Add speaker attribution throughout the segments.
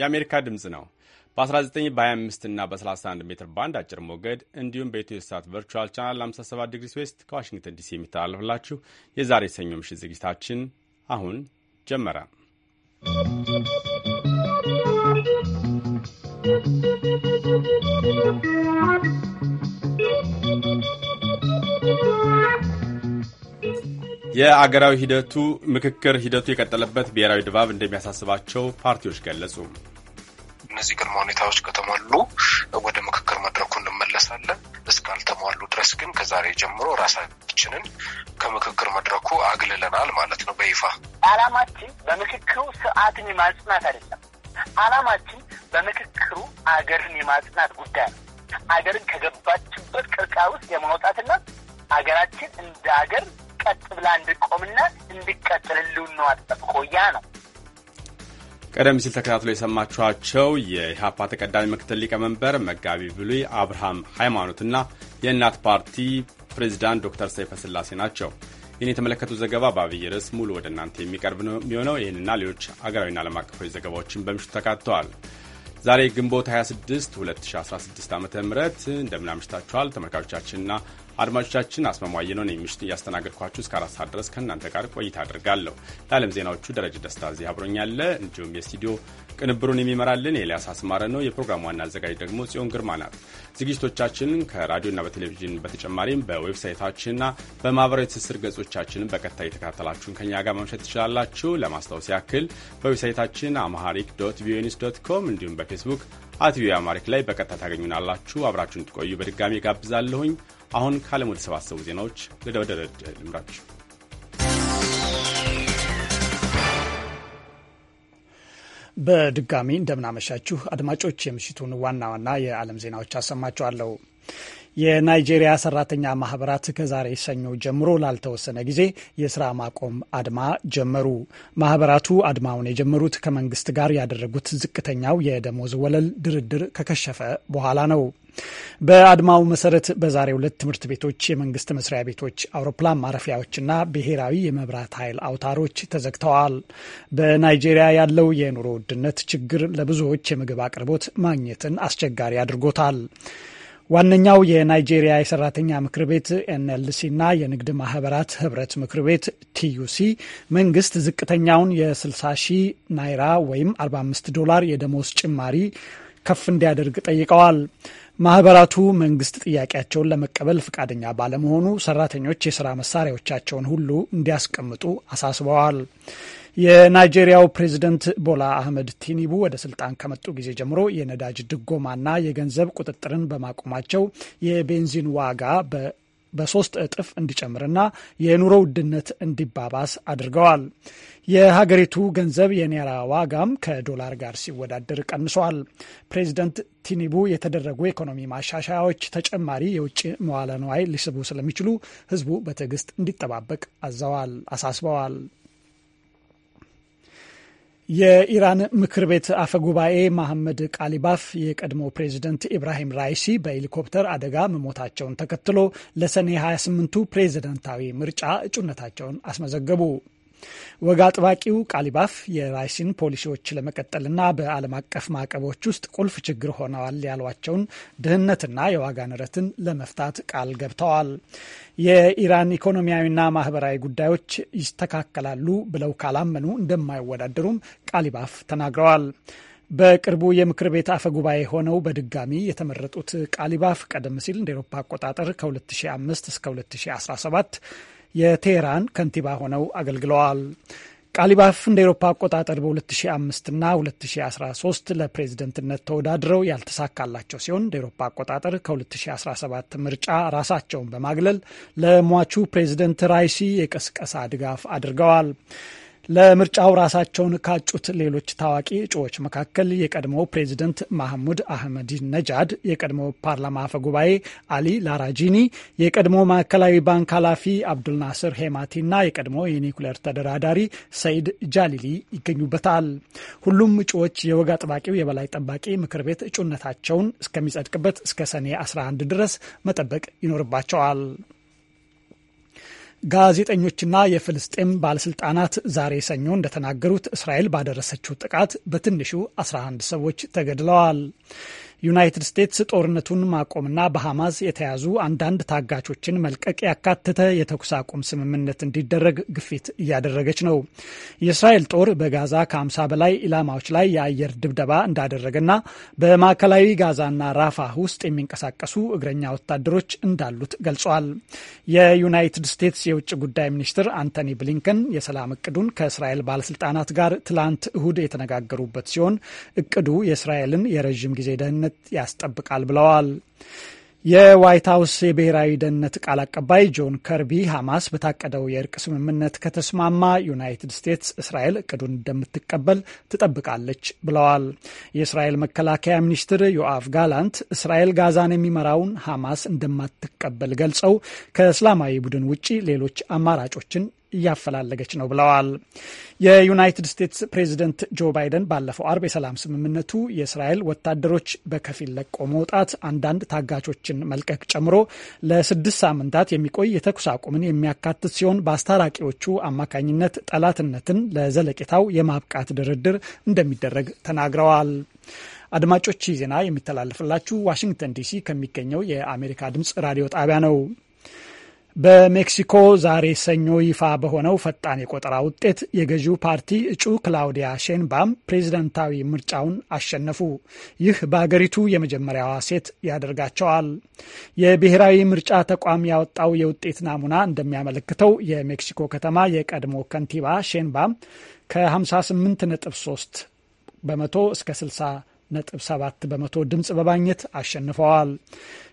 Speaker 1: የአሜሪካ ድምፅ ነው። በ19 በ25 እና በ31 ሜትር ባንድ አጭር ሞገድ እንዲሁም በኢትዮ ሳት ቨርቹዋል ቻናል 57 ዲግሪ ስዌስት ከዋሽንግተን ዲሲ የሚተላለፍላችሁ የዛሬ ሰኞ ምሽት ዝግጅታችን አሁን ጀመረ። ¶¶ የአገራዊ ሂደቱ ምክክር ሂደቱ የቀጠለበት ብሔራዊ ድባብ እንደሚያሳስባቸው ፓርቲዎች ገለጹ።
Speaker 2: እነዚህ ቅድመ ሁኔታዎች ከተሟሉ ወደ ምክክር መድረኩ እንመለሳለን። እስካልተሟሉ ድረስ ግን ከዛሬ ጀምሮ ራሳችንን ከምክክር መድረኩ አግልለናል ማለት ነው። በይፋ
Speaker 3: አላማችን በምክክሩ ስርዓትን የማጽናት አይደለም። አላማችን በምክክሩ አገርን የማጽናት ጉዳይ ነው። አገርን ከገባችበት ቅርቃ ውስጥ የማውጣትና አገራችን እንደ አገር ቀጥ ብላ እንድቆምና እንድቀጥል ህልውናዋ ተጠብቆ ያ ነው።
Speaker 1: ቀደም ሲል ተከታትሎ የሰማችኋቸው የኢህአፓ ተቀዳሚ ምክትል ሊቀመንበር መጋቢ ብሉይ አብርሃም ሃይማኖትና የእናት ፓርቲ ፕሬዚዳንት ዶክተር ሰይፈ ስላሴ ናቸው። ይህን የተመለከቱ ዘገባ በአብይ ርዕስ ሙሉ ወደ እናንተ የሚቀርብ ነው የሚሆነው። ይህንና ሌሎች አገራዊና ዓለም አቀፋዊ ዘገባዎችን በምሽቱ ተካተዋል። ዛሬ ግንቦት 26 2016 ዓ ም እንደምናምሽታችኋል ተመልካቾቻችንና አድማጮቻችን አስማማየ ነው ምሽት እያስተናገድኳችሁ እስከ አራት ሰዓት ድረስ ከእናንተ ጋር ቆይታ አድርጋለሁ። ለዓለም ዜናዎቹ ደረጀ ደስታ እዚህ አብሮኛለ። እንዲሁም የስቱዲዮ ቅንብሩን የሚመራልን ኤልያስ አስማረ ነው። የፕሮግራሙ ዋና አዘጋጅ ደግሞ ጽዮን ግርማ ናት። ዝግጅቶቻችን ከራዲዮና በቴሌቪዥን በተጨማሪም በዌብሳይታችንና በማህበራዊ ትስስር ገጾቻችንን በቀጥታ የተከታተላችሁን ከኛ ጋር መምሸት ትችላላችሁ። ለማስታወስ ያክል በዌብሳይታችን አማሃሪክ ዶት ቪኦኤ ኒውስ ዶት ኮም እንዲሁም በፌስቡክ አት ቪኦኤ አማሪክ ላይ በቀጥታ ታገኙናላችሁ። አብራችሁን ትቆዩ በድጋሚ ጋብዛለሁኝ። አሁን ከዓለም ወደ ሰባሰቡ ዜናዎች ለደወደረድ ልምራችሁ።
Speaker 4: በድጋሚ እንደምናመሻችሁ አድማጮች፣ የምሽቱን ዋና ዋና የዓለም ዜናዎች አሰማችኋለሁ። የናይጄሪያ ሰራተኛ ማህበራት ከዛሬ ሰኞ ጀምሮ ላልተወሰነ ጊዜ የስራ ማቆም አድማ ጀመሩ። ማህበራቱ አድማውን የጀመሩት ከመንግስት ጋር ያደረጉት ዝቅተኛው የደሞዝ ወለል ድርድር ከከሸፈ በኋላ ነው። በአድማው መሰረት በዛሬ ሁለት ትምህርት ቤቶች፣ የመንግስት መስሪያ ቤቶች፣ አውሮፕላን ማረፊያዎችና ብሔራዊ የመብራት ኃይል አውታሮች ተዘግተዋል። በናይጄሪያ ያለው የኑሮ ውድነት ችግር ለብዙዎች የምግብ አቅርቦት ማግኘትን አስቸጋሪ አድርጎታል። ዋነኛው የናይጄሪያ የሰራተኛ ምክር ቤት ኤንኤልሲና የንግድ ማህበራት ህብረት ምክር ቤት ቲዩሲ መንግስት ዝቅተኛውን የ60 ሺህ ናይራ ወይም 45 ዶላር የደሞዝ ጭማሪ ከፍ እንዲያደርግ ጠይቀዋል። ማህበራቱ መንግስት ጥያቄያቸውን ለመቀበል ፈቃደኛ ባለመሆኑ ሰራተኞች የስራ መሳሪያዎቻቸውን ሁሉ እንዲያስቀምጡ አሳስበዋል። የናይጄሪያው ፕሬዝደንት ቦላ አህመድ ቲኒቡ ወደ ስልጣን ከመጡ ጊዜ ጀምሮ የነዳጅ ድጎማና የገንዘብ ቁጥጥርን በማቆማቸው የቤንዚን ዋጋ በሶስት እጥፍ እንዲጨምርና የኑሮ ውድነት እንዲባባስ አድርገዋል። የሀገሪቱ ገንዘብ የኔራ ዋጋም ከዶላር ጋር ሲወዳደር ቀንሷል። ፕሬዚደንት ቲኒቡ የተደረጉ የኢኮኖሚ ማሻሻያዎች ተጨማሪ የውጭ መዋለ ንዋይ ሊስቡ ስለሚችሉ ሕዝቡ በትዕግስት እንዲጠባበቅ አዘዋል አሳስበዋል። የኢራን ምክር ቤት አፈ ጉባኤ መሐመድ ቃሊባፍ የቀድሞ ፕሬዚደንት ኢብራሂም ራይሲ በሄሊኮፕተር አደጋ መሞታቸውን ተከትሎ ለሰኔ 28ቱ ፕሬዚደንታዊ ምርጫ እጩነታቸውን አስመዘገቡ። ወግ አጥባቂው ቃሊባፍ የራይሲን ፖሊሲዎች ለመቀጠልና በዓለም አቀፍ ማዕቀቦች ውስጥ ቁልፍ ችግር ሆነዋል ያሏቸውን ድህነትና የዋጋ ንረትን ለመፍታት ቃል ገብተዋል። የኢራን ኢኮኖሚያዊና ማህበራዊ ጉዳዮች ይስተካከላሉ ብለው ካላመኑ እንደማይወዳደሩም ቃሊባፍ ተናግረዋል። በቅርቡ የምክር ቤት አፈ ጉባኤ ሆነው በድጋሚ የተመረጡት ቃሊባፍ ቀደም ሲል እንደ ኤሮፓ አቆጣጠር ከ2005 እስከ 2017 የቴህራን ከንቲባ ሆነው አገልግለዋል። ቃሊባፍ እንደ ኤሮፓ አቆጣጠር በ2005 ና 2013 ለፕሬዝደንትነት ተወዳድረው ያልተሳካላቸው ሲሆን እንደ ኤሮፓ አቆጣጠር ከ2017 ምርጫ ራሳቸውን በማግለል ለሟቹ ፕሬዝደንት ራይሲ የቀስቀሳ ድጋፍ አድርገዋል። ለምርጫው ራሳቸውን ካጩት ሌሎች ታዋቂ እጩዎች መካከል የቀድሞው ፕሬዚደንት ማህሙድ አህመድ ነጃድ፣ የቀድሞ ፓርላማ አፈ ጉባኤ አሊ ላራጂኒ፣ የቀድሞ ማዕከላዊ ባንክ ኃላፊ አብዱልናስር ሄማቲና የቀድሞ የኒኩሌር ተደራዳሪ ሰይድ ጃሊሊ ይገኙበታል። ሁሉም እጩዎች የወግ አጥባቂው የበላይ ጠባቂ ምክር ቤት እጩነታቸውን እስከሚጸድቅበት እስከ ሰኔ 11 ድረስ መጠበቅ ይኖርባቸዋል። ጋዜጠኞችና የፍልስጤም ባለስልጣናት ዛሬ ሰኞ እንደተናገሩት እስራኤል ባደረሰችው ጥቃት በትንሹ 11 ሰዎች ተገድለዋል። ዩናይትድ ስቴትስ ጦርነቱን ማቆምና በሐማስ የተያዙ አንዳንድ ታጋቾችን መልቀቅ ያካተተ የተኩስ አቁም ስምምነት እንዲደረግ ግፊት እያደረገች ነው። የእስራኤል ጦር በጋዛ ከ50 በላይ ኢላማዎች ላይ የአየር ድብደባ እንዳደረገና በማዕከላዊ ጋዛና ራፋ ውስጥ የሚንቀሳቀሱ እግረኛ ወታደሮች እንዳሉት ገልጿል። የዩናይትድ ስቴትስ የውጭ ጉዳይ ሚኒስትር አንቶኒ ብሊንከን የሰላም እቅዱን ከእስራኤል ባለስልጣናት ጋር ትላንት እሁድ የተነጋገሩበት ሲሆን እቅዱ የእስራኤልን የረዥም ጊዜ ደህንነት ደህንነት ያስጠብቃል ብለዋል። የዋይት ሀውስ የብሔራዊ ደህንነት ቃል አቀባይ ጆን ከርቢ ሐማስ በታቀደው የእርቅ ስምምነት ከተስማማ ዩናይትድ ስቴትስ እስራኤል እቅዱን እንደምትቀበል ትጠብቃለች ብለዋል። የእስራኤል መከላከያ ሚኒስትር ዮአፍ ጋላንት እስራኤል ጋዛን የሚመራውን ሐማስ እንደማትቀበል ገልጸው ከእስላማዊ ቡድን ውጪ ሌሎች አማራጮችን እያፈላለገች ነው ብለዋል። የዩናይትድ ስቴትስ ፕሬዚደንት ጆ ባይደን ባለፈው አርብ የሰላም ስምምነቱ የእስራኤል ወታደሮች በከፊል ለቆ መውጣት፣ አንዳንድ ታጋቾችን መልቀቅ ጨምሮ ለስድስት ሳምንታት የሚቆይ የተኩስ አቁምን የሚያካትት ሲሆን በአስታራቂዎቹ አማካኝነት ጠላትነትን ለዘለቄታው የማብቃት ድርድር እንደሚደረግ ተናግረዋል። አድማጮች ዜና የሚተላለፍላችሁ ዋሽንግተን ዲሲ ከሚገኘው የአሜሪካ ድምፅ ራዲዮ ጣቢያ ነው። በሜክሲኮ ዛሬ ሰኞ ይፋ በሆነው ፈጣን የቆጠራ ውጤት የገዢው ፓርቲ እጩ ክላውዲያ ሼንባም ፕሬዝደንታዊ ምርጫውን አሸነፉ። ይህ በአገሪቱ የመጀመሪያዋ ሴት ያደርጋቸዋል። የብሔራዊ ምርጫ ተቋም ያወጣው የውጤት ናሙና እንደሚያመለክተው የሜክሲኮ ከተማ የቀድሞ ከንቲባ ሼንባም ከ58.3 በመቶ እስከ 60 ነጥብ ሰባት በመቶ ድምፅ በማግኘት አሸንፈዋል።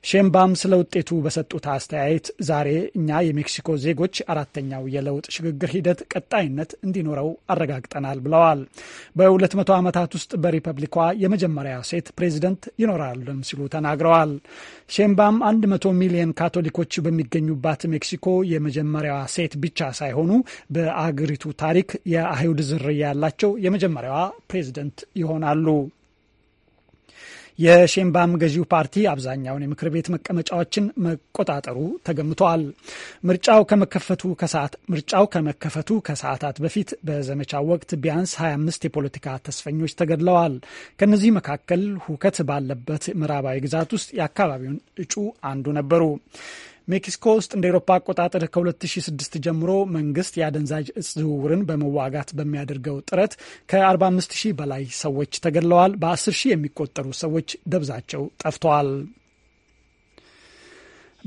Speaker 4: ሼምባም ስለ ውጤቱ በሰጡት አስተያየት ዛሬ እኛ የሜክሲኮ ዜጎች አራተኛው የለውጥ ሽግግር ሂደት ቀጣይነት እንዲኖረው አረጋግጠናል ብለዋል። በ200 ዓመታት ውስጥ በሪፐብሊኳ የመጀመሪያ ሴት ፕሬዚደንት ይኖራሉም ሲሉ ተናግረዋል። ሼምባም 100 ሚሊዮን ካቶሊኮች በሚገኙባት ሜክሲኮ የመጀመሪያዋ ሴት ብቻ ሳይሆኑ በአገሪቱ ታሪክ የአይሁድ ዝርያ ያላቸው የመጀመሪያዋ ፕሬዚደንት ይሆናሉ። የሼምባም ገዢው ፓርቲ አብዛኛውን የምክር ቤት መቀመጫዎችን መቆጣጠሩ ተገምተዋል። ምርጫው ከመከፈቱ ከሰዓት ምርጫው ከመከፈቱ ከሰዓታት በፊት በዘመቻው ወቅት ቢያንስ 25 የፖለቲካ ተስፈኞች ተገድለዋል። ከእነዚህ መካከል ሁከት ባለበት ምዕራባዊ ግዛት ውስጥ የአካባቢውን እጩ አንዱ ነበሩ። ሜክሲኮ ውስጥ እንደ ኤሮፓ አቆጣጠር ከ2006 ጀምሮ መንግስት የአደንዛዥ እጽ ዝውውርን በመዋጋት በሚያደርገው ጥረት ከ 45000 ሺህ በላይ ሰዎች ተገድለዋል። በ10000 የሚቆጠሩ ሰዎች ደብዛቸው ጠፍተዋል።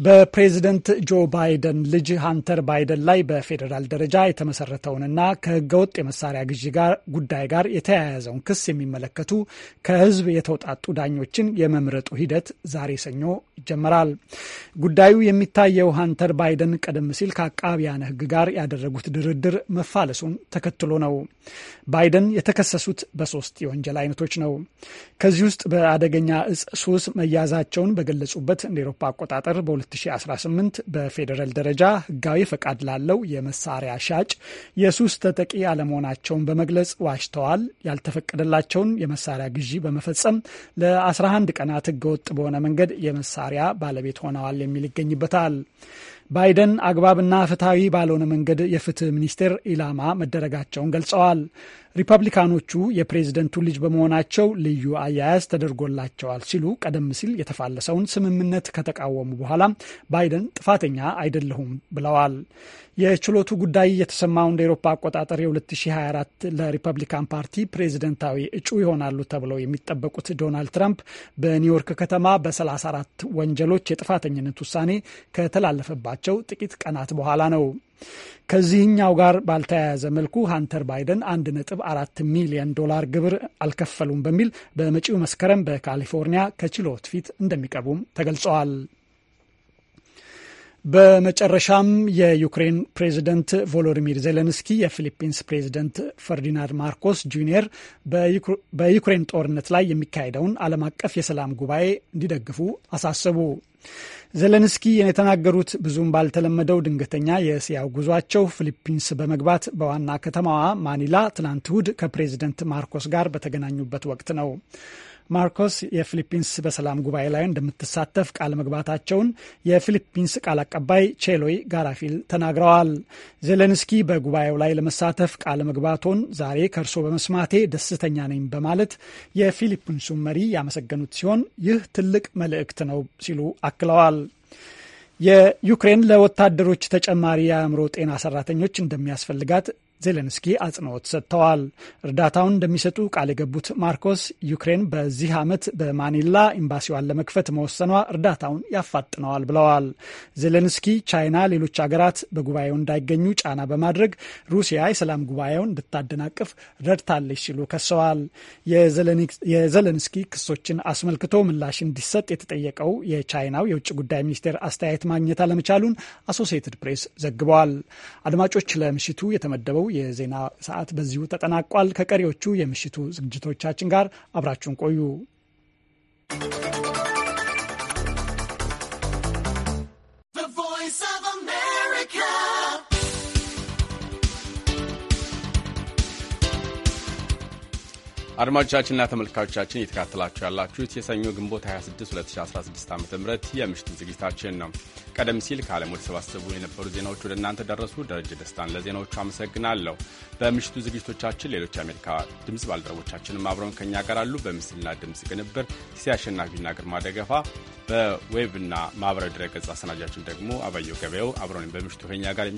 Speaker 4: በፕሬዝደንት ጆ ባይደን ልጅ ሀንተር ባይደን ላይ በፌዴራል ደረጃ የተመሰረተውንና ከህገወጥ የመሳሪያ ግዢ ጋር ጉዳይ ጋር የተያያዘውን ክስ የሚመለከቱ ከህዝብ የተውጣጡ ዳኞችን የመምረጡ ሂደት ዛሬ ሰኞ ይጀመራል። ጉዳዩ የሚታየው ሀንተር ባይደን ቀደም ሲል ከአቃቢያነ ህግ ጋር ያደረጉት ድርድር መፋለሱን ተከትሎ ነው። ባይደን የተከሰሱት በሶስት የወንጀል አይነቶች ነው። ከዚህ ውስጥ በአደገኛ እጽ ሱስ መያዛቸውን በገለጹበት እንደ ኤሮፓ አቆጣጠር በ 2018 በፌዴራል ደረጃ ህጋዊ ፈቃድ ላለው የመሳሪያ ሻጭ የሱስ ተጠቂ አለመሆናቸውን በመግለጽ ዋሽተዋል። ያልተፈቀደላቸውን የመሳሪያ ግዢ በመፈጸም ለ11 ቀናት ህገወጥ በሆነ መንገድ የመሳሪያ ባለቤት ሆነዋል የሚል ይገኝበታል። ባይደን አግባብና ፍትሐዊ ባልሆነ መንገድ የፍትህ ሚኒስቴር ኢላማ መደረጋቸውን ገልጸዋል። ሪፐብሊካኖቹ የፕሬዝደንቱ ልጅ በመሆናቸው ልዩ አያያዝ ተደርጎላቸዋል ሲሉ ቀደም ሲል የተፋለሰውን ስምምነት ከተቃወሙ በኋላ ባይደን ጥፋተኛ አይደለሁም ብለዋል። የችሎቱ ጉዳይ የተሰማው እንደ ኤሮፓ አቆጣጠር የ2024 ለሪፐብሊካን ፓርቲ ፕሬዝደንታዊ እጩ ይሆናሉ ተብለው የሚጠበቁት ዶናልድ ትራምፕ በኒውዮርክ ከተማ በ34 ወንጀሎች የጥፋተኝነት ውሳኔ ከተላለፈባቸው ጥቂት ቀናት በኋላ ነው። ከዚህኛው ጋር ባልተያያዘ መልኩ ሃንተር ባይደን 1.4 ሚሊዮን ዶላር ግብር አልከፈሉም በሚል በመጪው መስከረም በካሊፎርኒያ ከችሎት ፊት እንደሚቀርቡም ተገልጸዋል። በመጨረሻም የዩክሬን ፕሬዚደንት ቮሎዲሚር ዜሌንስኪ የፊሊፒንስ ፕሬዚደንት ፈርዲናንድ ማርኮስ ጁኒየር በዩክሬን ጦርነት ላይ የሚካሄደውን ዓለም አቀፍ የሰላም ጉባኤ እንዲደግፉ አሳሰቡ። ዜሌንስኪ የተናገሩት ብዙም ባልተለመደው ድንገተኛ የእስያው ጉዟቸው ፊሊፒንስ በመግባት በዋና ከተማዋ ማኒላ ትናንት እሁድ ከፕሬዚደንት ማርኮስ ጋር በተገናኙበት ወቅት ነው። ማርኮስ የፊሊፒንስ በሰላም ጉባኤ ላይ እንደምትሳተፍ ቃል መግባታቸውን የፊሊፒንስ ቃል አቀባይ ቼሎይ ጋራፊል ተናግረዋል። ዜሌንስኪ በጉባኤው ላይ ለመሳተፍ ቃል መግባቶን ዛሬ ከእርሶ በመስማቴ ደስተኛ ነኝ በማለት የፊሊፒንሱን መሪ ያመሰገኑት ሲሆን ይህ ትልቅ መልእክት ነው ሲሉ አክለዋል። የዩክሬን ለወታደሮች ተጨማሪ የአእምሮ ጤና ሰራተኞች እንደሚያስፈልጋት ዜሌንስኪ አጽንኦት ሰጥተዋል። እርዳታውን እንደሚሰጡ ቃል የገቡት ማርኮስ ዩክሬን በዚህ ዓመት በማኒላ ኤምባሲዋን ለመክፈት መወሰኗ እርዳታውን ያፋጥነዋል ብለዋል። ዜሌንስኪ ቻይና፣ ሌሎች ሀገራት በጉባኤው እንዳይገኙ ጫና በማድረግ ሩሲያ የሰላም ጉባኤውን እንድታደናቅፍ ረድታለች ሲሉ ከሰዋል። የዜሌንስኪ ክሶችን አስመልክቶ ምላሽ እንዲሰጥ የተጠየቀው የቻይናው የውጭ ጉዳይ ሚኒስቴር አስተያየት ማግኘት አለመቻሉን አሶሲየትድ ፕሬስ ዘግበዋል። አድማጮች ለምሽቱ የተመደበው የዜና ሰዓት በዚሁ ተጠናቋል። ከቀሪዎቹ የምሽቱ ዝግጅቶቻችን ጋር አብራችሁን ቆዩ።
Speaker 1: አድማጮቻችንና ተመልካቾቻችን እየተካተላችሁ ያላችሁት የሰኞ ግንቦት 26 2016 ዓ ም የምሽቱን ዝግጅታችን ነው። ቀደም ሲል ከዓለም ወደ ተሰባሰቡ የነበሩ ዜናዎች ወደ እናንተ ደረሱ። ደረጀ ደስታን ለዜናዎቹ አመሰግናለሁ። በምሽቱ ዝግጅቶቻችን ሌሎች የአሜሪካ ድምፅ ባልደረቦቻችንም አብረውን ከኛ ጋር አሉ። በምስልና ድምፅ ቅንብር ሲያሸናፊና አሸናፊና ግርማ ደገፋ፣ በዌብና ማህበራዊ ድረገጽ አሰናጃችን ደግሞ አበየው ገበያው አብረን በምሽቱ ከኛ ጋር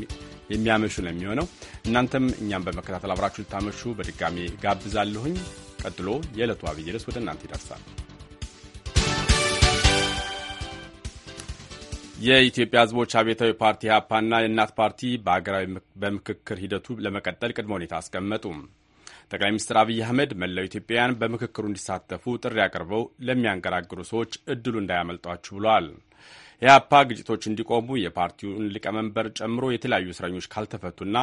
Speaker 1: የሚያመሹ ነው የሚሆነው። እናንተም እኛም በመከታተል አብራችሁ ልታመሹ በድጋሜ ጋብዛለሁኝ። ቀጥሎ የዕለቱ አብይ ርዕስ ወደ እናንተ ይደርሳል። የኢትዮጵያ ሕዝቦች አብዮታዊ ፓርቲ ኢህአፓና የእናት ፓርቲ በሀገራዊ በምክክር ሂደቱ ለመቀጠል ቅድመ ሁኔታ አስቀመጡ። ጠቅላይ ሚኒስትር አብይ አህመድ መላው ኢትዮጵያውያን በምክክሩ እንዲሳተፉ ጥሪ አቅርበው ለሚያንገራግሩ ሰዎች እድሉ እንዳያመልጧችሁ ብለዋል። ኢህአፓ ግጭቶች እንዲቆሙ የፓርቲውን ሊቀመንበር ጨምሮ የተለያዩ እስረኞች ካልተፈቱና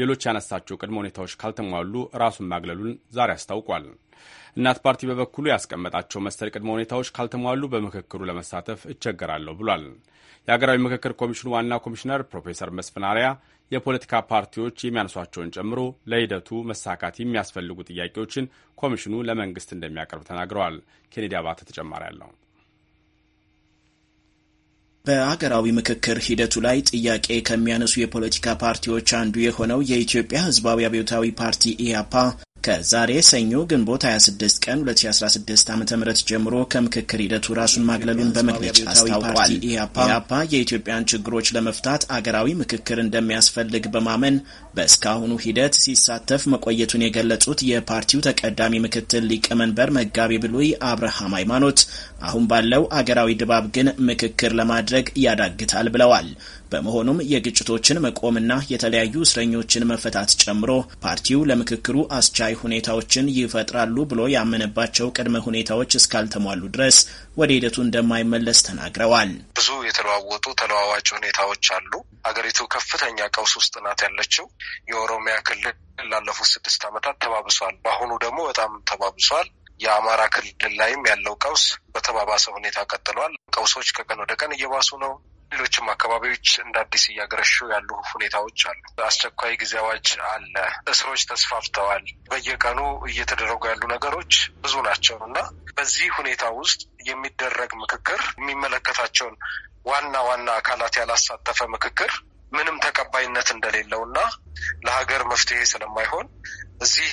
Speaker 1: ሌሎች ያነሳቸው ቅድመ ሁኔታዎች ካልተሟሉ ራሱን ማግለሉን ዛሬ አስታውቋል። እናት ፓርቲ በበኩሉ ያስቀመጣቸው መሰል ቅድመ ሁኔታዎች ካልተሟሉ በምክክሩ ለመሳተፍ እቸገራለሁ ብሏል። የሀገራዊ ምክክር ኮሚሽኑ ዋና ኮሚሽነር ፕሮፌሰር መስፍን አርአያ የፖለቲካ ፓርቲዎች የሚያነሷቸውን ጨምሮ ለሂደቱ መሳካት የሚያስፈልጉ ጥያቄዎችን ኮሚሽኑ ለመንግስት እንደሚያቀርብ ተናግረዋል። ኬኔዲ አባተ ተጨማሪ አለው።
Speaker 5: በአገራዊ ምክክር ሂደቱ ላይ ጥያቄ ከሚያነሱ የፖለቲካ ፓርቲዎች አንዱ የሆነው የኢትዮጵያ ሕዝባዊ አብዮታዊ ፓርቲ ኢያፓ ከዛሬ ሰኞ ግንቦት 26 ቀን 2016 ዓ ም ጀምሮ ከምክክር ሂደቱ ራሱን ማግለሉን በመግለጫ አስታውቋል። ኢያፓ የኢትዮጵያን ችግሮች ለመፍታት አገራዊ ምክክር እንደሚያስፈልግ በማመን በእስካሁኑ ሂደት ሲሳተፍ መቆየቱን የገለጹት የፓርቲው ተቀዳሚ ምክትል ሊቀመንበር መጋቢ ብሉይ አብርሃም ሃይማኖት አሁን ባለው አገራዊ ድባብ ግን ምክክር ለማድረግ ያዳግታል ብለዋል። በመሆኑም የግጭቶችን መቆምና የተለያዩ እስረኞችን መፈታት ጨምሮ ፓርቲው ለምክክሩ አስቻይ ሁኔታዎችን ይፈጥራሉ ብሎ ያመነባቸው ቅድመ ሁኔታዎች እስካልተሟሉ ድረስ ወደ ሂደቱ እንደማይመለስ ተናግረዋል። ብዙ የተለዋወጡ
Speaker 2: ተለዋዋጭ ሁኔታዎች አሉ። ሀገሪቱ ከፍተኛ ቀውስ ውስጥ ናት ያለችው። የኦሮሚያ ክልል ላለፉት ስድስት ዓመታት ተባብሷል። በአሁኑ ደግሞ በጣም ተባብሷል። የአማራ ክልል ላይም ያለው ቀውስ በተባባሰ ሁኔታ ቀጥሏል። ቀውሶች ከቀን ወደ ቀን እየባሱ ነው። ሌሎችም አካባቢዎች እንደ አዲስ እያገረሹ ያሉ ሁኔታዎች አሉ። አስቸኳይ ጊዜ አዋጅ አለ። እስሮች ተስፋፍተዋል። በየቀኑ እየተደረጉ ያሉ ነገሮች ብዙ ናቸው እና በዚህ ሁኔታ ውስጥ የሚደረግ ምክክር የሚመለከታቸውን ዋና ዋና አካላት ያላሳተፈ ምክክር ምንም ተቀባይነት እንደሌለው እና ለሀገር መፍትሄ ስለማይሆን እዚህ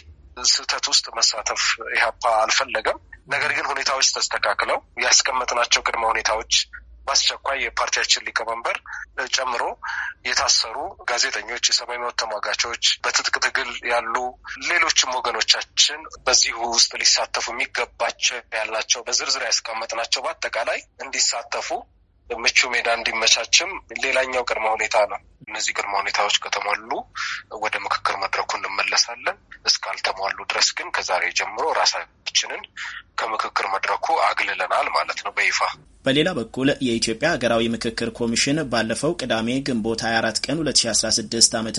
Speaker 2: ስህተት ውስጥ መሳተፍ ኢህአፓ አልፈለገም። ነገር ግን ሁኔታዎች ተስተካክለው ያስቀመጥናቸው ቅድመ ሁኔታዎች በአስቸኳይ የፓርቲያችን ሊቀመንበር ጨምሮ የታሰሩ ጋዜጠኞች፣ የሰብአዊ መብት ተሟጋቾች፣ በትጥቅ ትግል ያሉ ሌሎችም ወገኖቻችን በዚሁ ውስጥ ሊሳተፉ የሚገባቸው ያላቸው በዝርዝር ያስቀመጥናቸው በአጠቃላይ እንዲሳተፉ ምቹ ሜዳ እንዲመቻችም ሌላኛው ቅድመ ሁኔታ ነው። እነዚህ ቅድመ ሁኔታዎች ከተሟሉ ወደ ምክክር መድረኩ እንመለሳለን። እስካልተሟሉ ድረስ ግን ከዛሬ ጀምሮ ራሳችንን ከምክክር መድረኩ አግልለናል
Speaker 5: ማለት ነው በይፋ በሌላ በኩል የኢትዮጵያ ሀገራዊ ምክክር ኮሚሽን ባለፈው ቅዳሜ ግንቦት 24 ቀን 2016 ዓ ም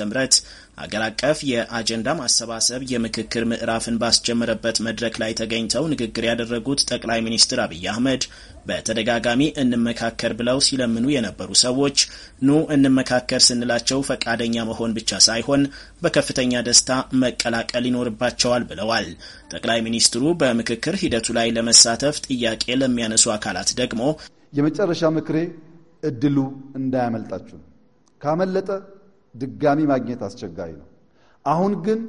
Speaker 5: አገር አቀፍ የአጀንዳ ማሰባሰብ የምክክር ምዕራፍን ባስጀመረበት መድረክ ላይ ተገኝተው ንግግር ያደረጉት ጠቅላይ ሚኒስትር አብይ አህመድ በተደጋጋሚ እንመካከር ብለው ሲለምኑ የነበሩ ሰዎች ኑ እንመካከር ስንላቸው ፈቃደኛ መሆን ብቻ ሳይሆን በከፍተኛ ደስታ መቀላቀል ይኖርባቸዋል ብለዋል። ጠቅላይ ሚኒስትሩ በምክክር ሂደቱ ላይ ለመሳተፍ ጥያቄ ለሚያነሱ አካላት ደግሞ የመጨረሻ ምክሬ እድሉ እንዳያመልጣችሁ ካመለጠ ድጋሚ ማግኘት አስቸጋሪ ነው።
Speaker 6: አሁን ግን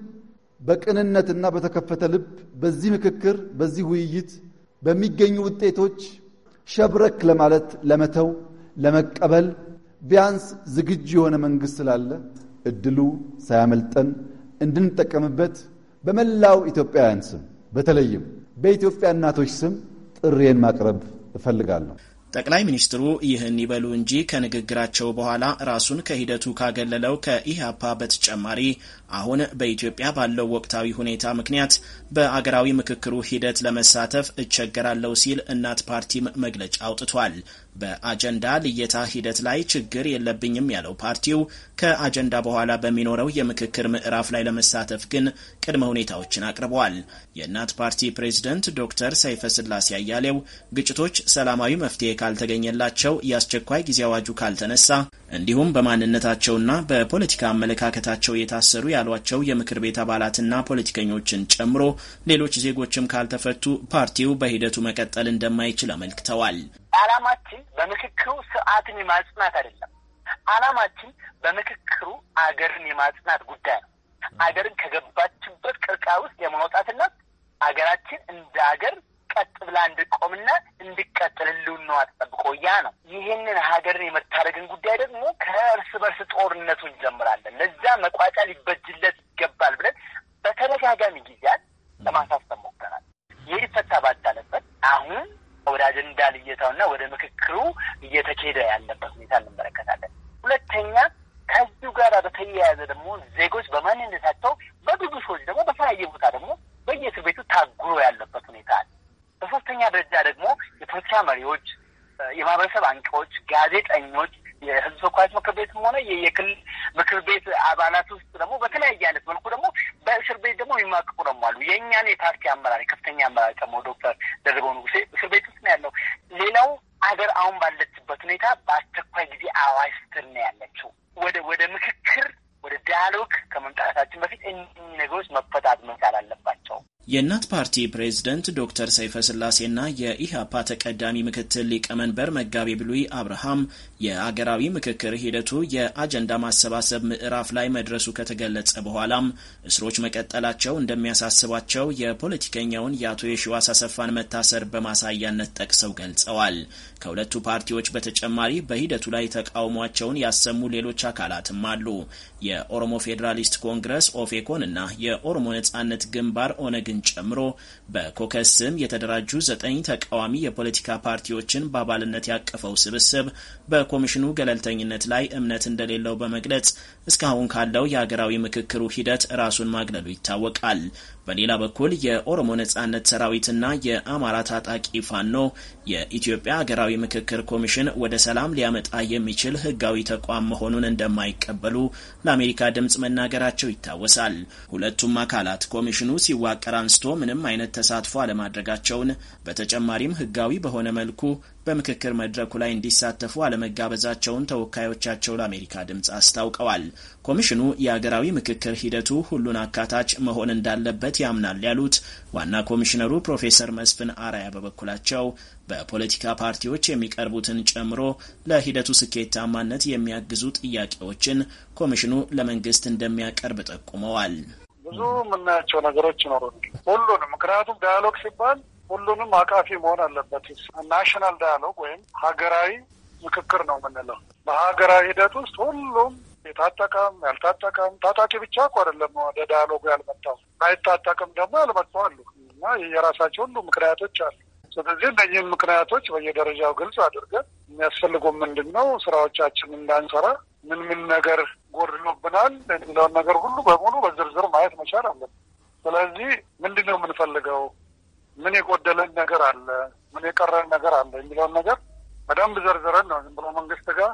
Speaker 6: በቅንነትና በተከፈተ ልብ በዚህ ምክክር፣ በዚህ ውይይት በሚገኙ ውጤቶች ሸብረክ ለማለት ለመተው፣ ለመቀበል ቢያንስ ዝግጁ የሆነ መንግስት ስላለ እድሉ ሳያመልጠን እንድንጠቀምበት በመላው ኢትዮጵያውያን ስም በተለይም በኢትዮጵያ እናቶች ስም ጥሬን ማቅረብ እፈልጋለሁ።
Speaker 5: ጠቅላይ ሚኒስትሩ ይህን ይበሉ እንጂ ከንግግራቸው በኋላ ራሱን ከሂደቱ ካገለለው ከኢህአፓ በተጨማሪ አሁን በኢትዮጵያ ባለው ወቅታዊ ሁኔታ ምክንያት በአገራዊ ምክክሩ ሂደት ለመሳተፍ እቸገራለሁ ሲል እናት ፓርቲም መግለጫ አውጥቷል። በአጀንዳ ልየታ ሂደት ላይ ችግር የለብኝም ያለው ፓርቲው ከአጀንዳ በኋላ በሚኖረው የምክክር ምዕራፍ ላይ ለመሳተፍ ግን ቅድመ ሁኔታዎችን አቅርበዋል። የእናት ፓርቲ ፕሬዝደንት ዶክተር ሰይፈ ስላሴ አያሌው ግጭቶች ሰላማዊ መፍትሄ ካልተገኘላቸው የአስቸኳይ ጊዜ አዋጁ ካልተነሳ እንዲሁም በማንነታቸውና በፖለቲካ አመለካከታቸው የታሰሩ ያሏቸው የምክር ቤት አባላትና ፖለቲከኞችን ጨምሮ ሌሎች ዜጎችም ካልተፈቱ ፓርቲው በሂደቱ መቀጠል እንደማይችል አመልክተዋል።
Speaker 3: አላማችን በምክክሩ ስርዓትን የማጽናት አይደለም። አላማችን በምክክሩ አገርን የማጽናት ጉዳይ ነው። አገርን ከገባችበት ቅርቃ ውስጥ የማውጣትና አገራችን እንደ አገር ቀጥ ብላ እንድቆምና እንድቀጥል ህልውናዋ ተጠብቆ ያ ነው። ይህንን ሀገርን የመታደግን ጉዳይ ደግሞ ከእርስ በርስ ጦርነቱ እንጀምራለን። ለዛ መቋጫ ሊበጅለት ይገባል ብለን በተደጋጋሚ ጊዜያት ለማሳሰብ ሞክረናል። ይህ ሊፈታ ባልቻለበት አሁን ወደ አጀንዳ ልየታውና ወደ ምክክሩ እየተካሄደ ያለበት ሁኔታ እንመለከታለን። ሁለተኛ ከዚሁ ጋር በተያያዘ ደግሞ ዜጎች በማንነታቸው በብዙ ሰዎች ደግሞ በተለያየ ቦታ ደግሞ በየእስር ቤቱ ታጉሮ ያለበት ሁኔታ አለ። በሶስተኛ ደረጃ ደግሞ የፖለቲካ መሪዎች፣ የማህበረሰብ አንቂዎች፣ ጋዜጠኞች የህዝብ ተወካዮች ምክር ቤትም ሆነ የክልል ምክር ቤት አባላት ውስጥ ደግሞ በተለያየ አይነት መልኩ ደግሞ በእስር ቤት ደግሞ የሚማቅቁ ደግሞ አሉ። የእኛን የፓርቲ አመራር የከፍተኛ አመራር ደግሞ ዶክተር ደርበው ንጉሴ እስር ቤት ውስጥ ነው ያለው። ሌላው አገር አሁን ባለችበት ሁኔታ በአስቸኳይ ጊዜ አዋጅ ስር ነው ያለችው። ወደ ወደ ምክክር ወደ ዳያሎግ ከመምጣታችን በፊት እኚህ ነገሮች መፈታት መቻል
Speaker 5: አለባቸው። የእናት ፓርቲ ፕሬዝደንት ዶክተር ሰይፈ ስላሴና የኢህአፓ ተቀዳሚ ምክትል ሊቀመንበር መጋቤ ብሉይ አብርሃም የአገራዊ ምክክር ሂደቱ የአጀንዳ ማሰባሰብ ምዕራፍ ላይ መድረሱ ከተገለጸ በኋላም እስሮች መቀጠላቸው እንደሚያሳስባቸው የፖለቲከኛውን የአቶ የሺዋስ አሰፋን መታሰር በማሳያነት ጠቅሰው ገልጸዋል። ከሁለቱ ፓርቲዎች በተጨማሪ በሂደቱ ላይ ተቃውሟቸውን ያሰሙ ሌሎች አካላትም አሉ። የኦሮሞ ፌዴራሊስት ኮንግረስ ኦፌኮን እና የኦሮሞ ነጻነት ግንባር ኦነግን ኢህአዴግን ጨምሮ በኮከስ ስም የተደራጁ ዘጠኝ ተቃዋሚ የፖለቲካ ፓርቲዎችን በአባልነት ያቀፈው ስብስብ በኮሚሽኑ ገለልተኝነት ላይ እምነት እንደሌለው በመግለጽ እስካሁን ካለው የሀገራዊ ምክክሩ ሂደት ራሱን ማግለሉ ይታወቃል። በሌላ በኩል የኦሮሞ ነጻነት ሰራዊትና የአማራ ታጣቂ ፋኖ የኢትዮጵያ ሀገራዊ ምክክር ኮሚሽን ወደ ሰላም ሊያመጣ የሚችል ህጋዊ ተቋም መሆኑን እንደማይቀበሉ ለአሜሪካ ድምፅ መናገራቸው ይታወሳል። ሁለቱም አካላት ኮሚሽኑ ሲዋቀር አንስቶ ምንም አይነት ተሳትፎ አለማድረጋቸውን በተጨማሪም ህጋዊ በሆነ መልኩ በምክክር መድረኩ ላይ እንዲሳተፉ አለመጋበዛቸውን ተወካዮቻቸው ለአሜሪካ ድምፅ አስታውቀዋል። ኮሚሽኑ የአገራዊ ምክክር ሂደቱ ሁሉን አካታች መሆን እንዳለበት ያምናል ያሉት ዋና ኮሚሽነሩ ፕሮፌሰር መስፍን አራያ በበኩላቸው በፖለቲካ ፓርቲዎች የሚቀርቡትን ጨምሮ ለሂደቱ ስኬታማነት የሚያግዙ ጥያቄዎችን ኮሚሽኑ ለመንግስት እንደሚያቀርብ ጠቁመዋል።
Speaker 7: ብዙ የምናያቸው ነገሮች ይኖሩ ሁሉንም ምክንያቱም ዳያሎግ ሲባል ሁሉንም አቃፊ መሆን አለበት። ናሽናል ዳያሎግ ወይም ሀገራዊ ምክክር ነው የምንለው። በሀገራዊ ሂደት ውስጥ ሁሉም የታጠቀም ያልታጠቀም ታጣቂ ብቻ እኮ አይደለም ወደ ዳያሎጉ ያልመጣው አይታጠቅም ደግሞ ያልመጣው አሉ እና የራሳቸው ሁሉ ምክንያቶች አሉ። ስለዚህ እነዚህም ምክንያቶች በየደረጃው ግልጽ አድርገን የሚያስፈልጉ ምንድን ነው፣ ስራዎቻችን እንዳንሰራ ምን ምን ነገር ጎድሎብናል የሚለውን ነገር ሁሉ በሙሉ በዝርዝር ማየት መቻል አለብን። ስለዚህ ምንድን ነው የምንፈልገው ምን የጎደለን ነገር አለ፣ ምን የቀረን ነገር አለ የሚለውን ነገር በደንብ ዘርዝረን ነው ዝም ብሎ መንግስት ጋር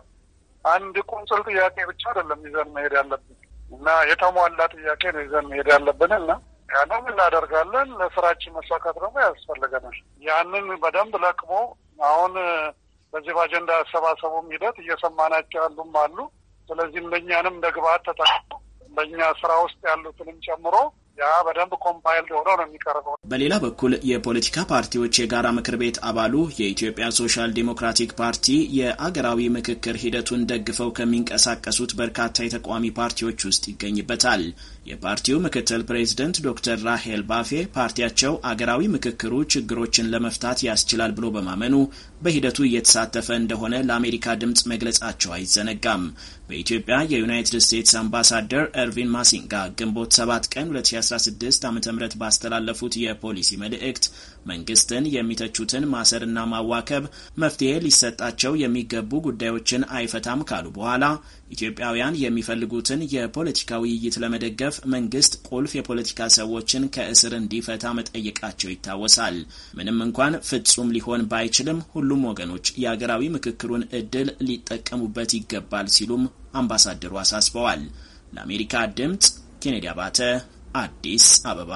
Speaker 7: አንድ ቁንጽል ጥያቄ ብቻ አይደለም ይዘን መሄድ ያለብን እና የተሟላ ጥያቄ ነው ይዘን መሄድ ያለብን እና ያንን እናደርጋለን። ለስራችን መሳካት ደግሞ ያስፈልገናል። ያንን በደንብ ለቅሞ አሁን በዚህ በአጀንዳ አሰባሰቡም ሂደት እየሰማናቸው ያሉም አሉ። ስለዚህም ለእኛንም እንደ ግብአት ተጠቅሞ በእኛ ስራ ውስጥ ያሉትንም ጨምሮ ያ በደንብ ኮምፓይል ሆኖ ነው የሚቀርበው።
Speaker 5: በሌላ በኩል የፖለቲካ ፓርቲዎች የጋራ ምክር ቤት አባሉ የኢትዮጵያ ሶሻል ዴሞክራቲክ ፓርቲ የአገራዊ ምክክር ሂደቱን ደግፈው ከሚንቀሳቀሱት በርካታ የተቃዋሚ ፓርቲዎች ውስጥ ይገኝበታል። የፓርቲው ምክትል ፕሬዝደንት ዶክተር ራሄል ባፌ ፓርቲያቸው አገራዊ ምክክሩ ችግሮችን ለመፍታት ያስችላል ብሎ በማመኑ በሂደቱ እየተሳተፈ እንደሆነ ለአሜሪካ ድምፅ መግለጻቸው አይዘነጋም። በኢትዮጵያ የዩናይትድ ስቴትስ አምባሳደር ኤርቪን ማሲንጋ ግንቦት 7 ቀን 2016 ዓ ም ባስተላለፉት የፖሊሲ መልእክት መንግስትን የሚተቹትን ማሰርና ማዋከብ መፍትሄ ሊሰጣቸው የሚገቡ ጉዳዮችን አይፈታም ካሉ በኋላ ኢትዮጵያውያን የሚፈልጉትን የፖለቲካ ውይይት ለመደገፍ መንግስት ቁልፍ የፖለቲካ ሰዎችን ከእስር እንዲፈታ መጠየቃቸው ይታወሳል። ምንም እንኳን ፍጹም ሊሆን ባይችልም ሁሉም ወገኖች የአገራዊ ምክክሩን እድል ሊጠቀሙበት ይገባል ሲሉም አምባሳደሩ አሳስበዋል። ለአሜሪካ ድምፅ ኬኔዲ አባተ አዲስ አበባ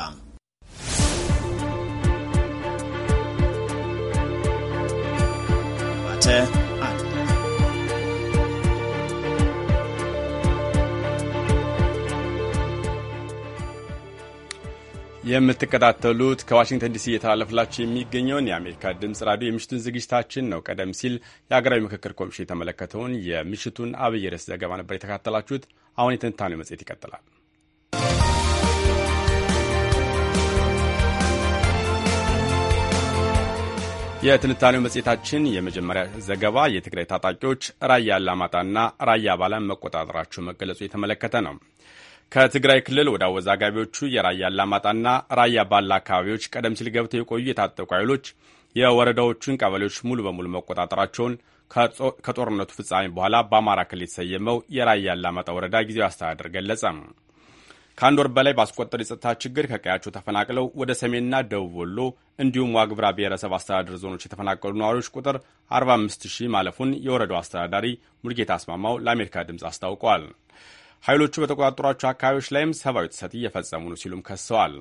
Speaker 5: ከበደ
Speaker 1: የምትከታተሉት ከዋሽንግተን ዲሲ እየተላለፈላችሁ የሚገኘውን የአሜሪካ ድምፅ ራዲዮ የምሽቱን ዝግጅታችን ነው። ቀደም ሲል የሀገራዊ ምክክር ኮሚሽን የተመለከተውን የምሽቱን አብይ ርዕስ ዘገባ ነበር የተካተላችሁት። አሁን የትንታኔው መጽሔት ይቀጥላል። የትንታኔው መጽሔታችን የመጀመሪያ ዘገባ የትግራይ ታጣቂዎች ራያ አላማጣና ራያ አባላን መቆጣጠራቸው መገለጹ የተመለከተ ነው። ከትግራይ ክልል ወደ አወዛጋቢዎቹ የራያ አላማጣና ራያ ባላ አካባቢዎች ቀደም ሲል ገብተው የቆዩ የታጠቁ ኃይሎች የወረዳዎቹን ቀበሌዎች ሙሉ በሙሉ መቆጣጠራቸውን ከጦርነቱ ፍጻሜ በኋላ በአማራ ክልል የተሰየመው የራያ አላማጣ ወረዳ ጊዜያዊ አስተዳደር ገለጸ። ከአንድ ወር በላይ ባስቆጠር የጸጥታ ችግር ከቀያቸው ተፈናቅለው ወደ ሰሜንና ደቡብ ወሎ እንዲሁም ዋግብራ ብሔረሰብ አስተዳደር ዞኖች የተፈናቀሉ ነዋሪዎች ቁጥር 45 ሺህ ማለፉን የወረዳው አስተዳዳሪ ሙልጌታ አስማማው ለአሜሪካ ድምፅ አስታውቋል። ኃይሎቹ በተቆጣጠሯቸው አካባቢዎች ላይም ሰብአዊ ጥሰት እየፈጸሙ ነው ሲሉም ከሰዋል።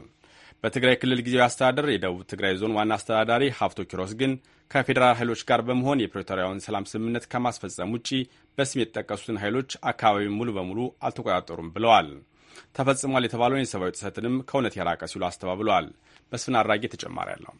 Speaker 1: በትግራይ ክልል ጊዜያዊ አስተዳደር የደቡብ ትግራይ ዞን ዋና አስተዳዳሪ ሀፍቶ ኪሮስ ግን ከፌዴራል ኃይሎች ጋር በመሆን የፕሪቶሪያውን ሰላም ስምምነት ከማስፈጸም ውጪ በስም የተጠቀሱትን ኃይሎች አካባቢውን ሙሉ በሙሉ አልተቆጣጠሩም ብለዋል። ተፈጽሟል የተባለውን የሰብአዊ ጥሰትንም ከእውነት የራቀ ሲሉ አስተባብለዋል። መስፍን አድራጌ ተጨማሪ አለው።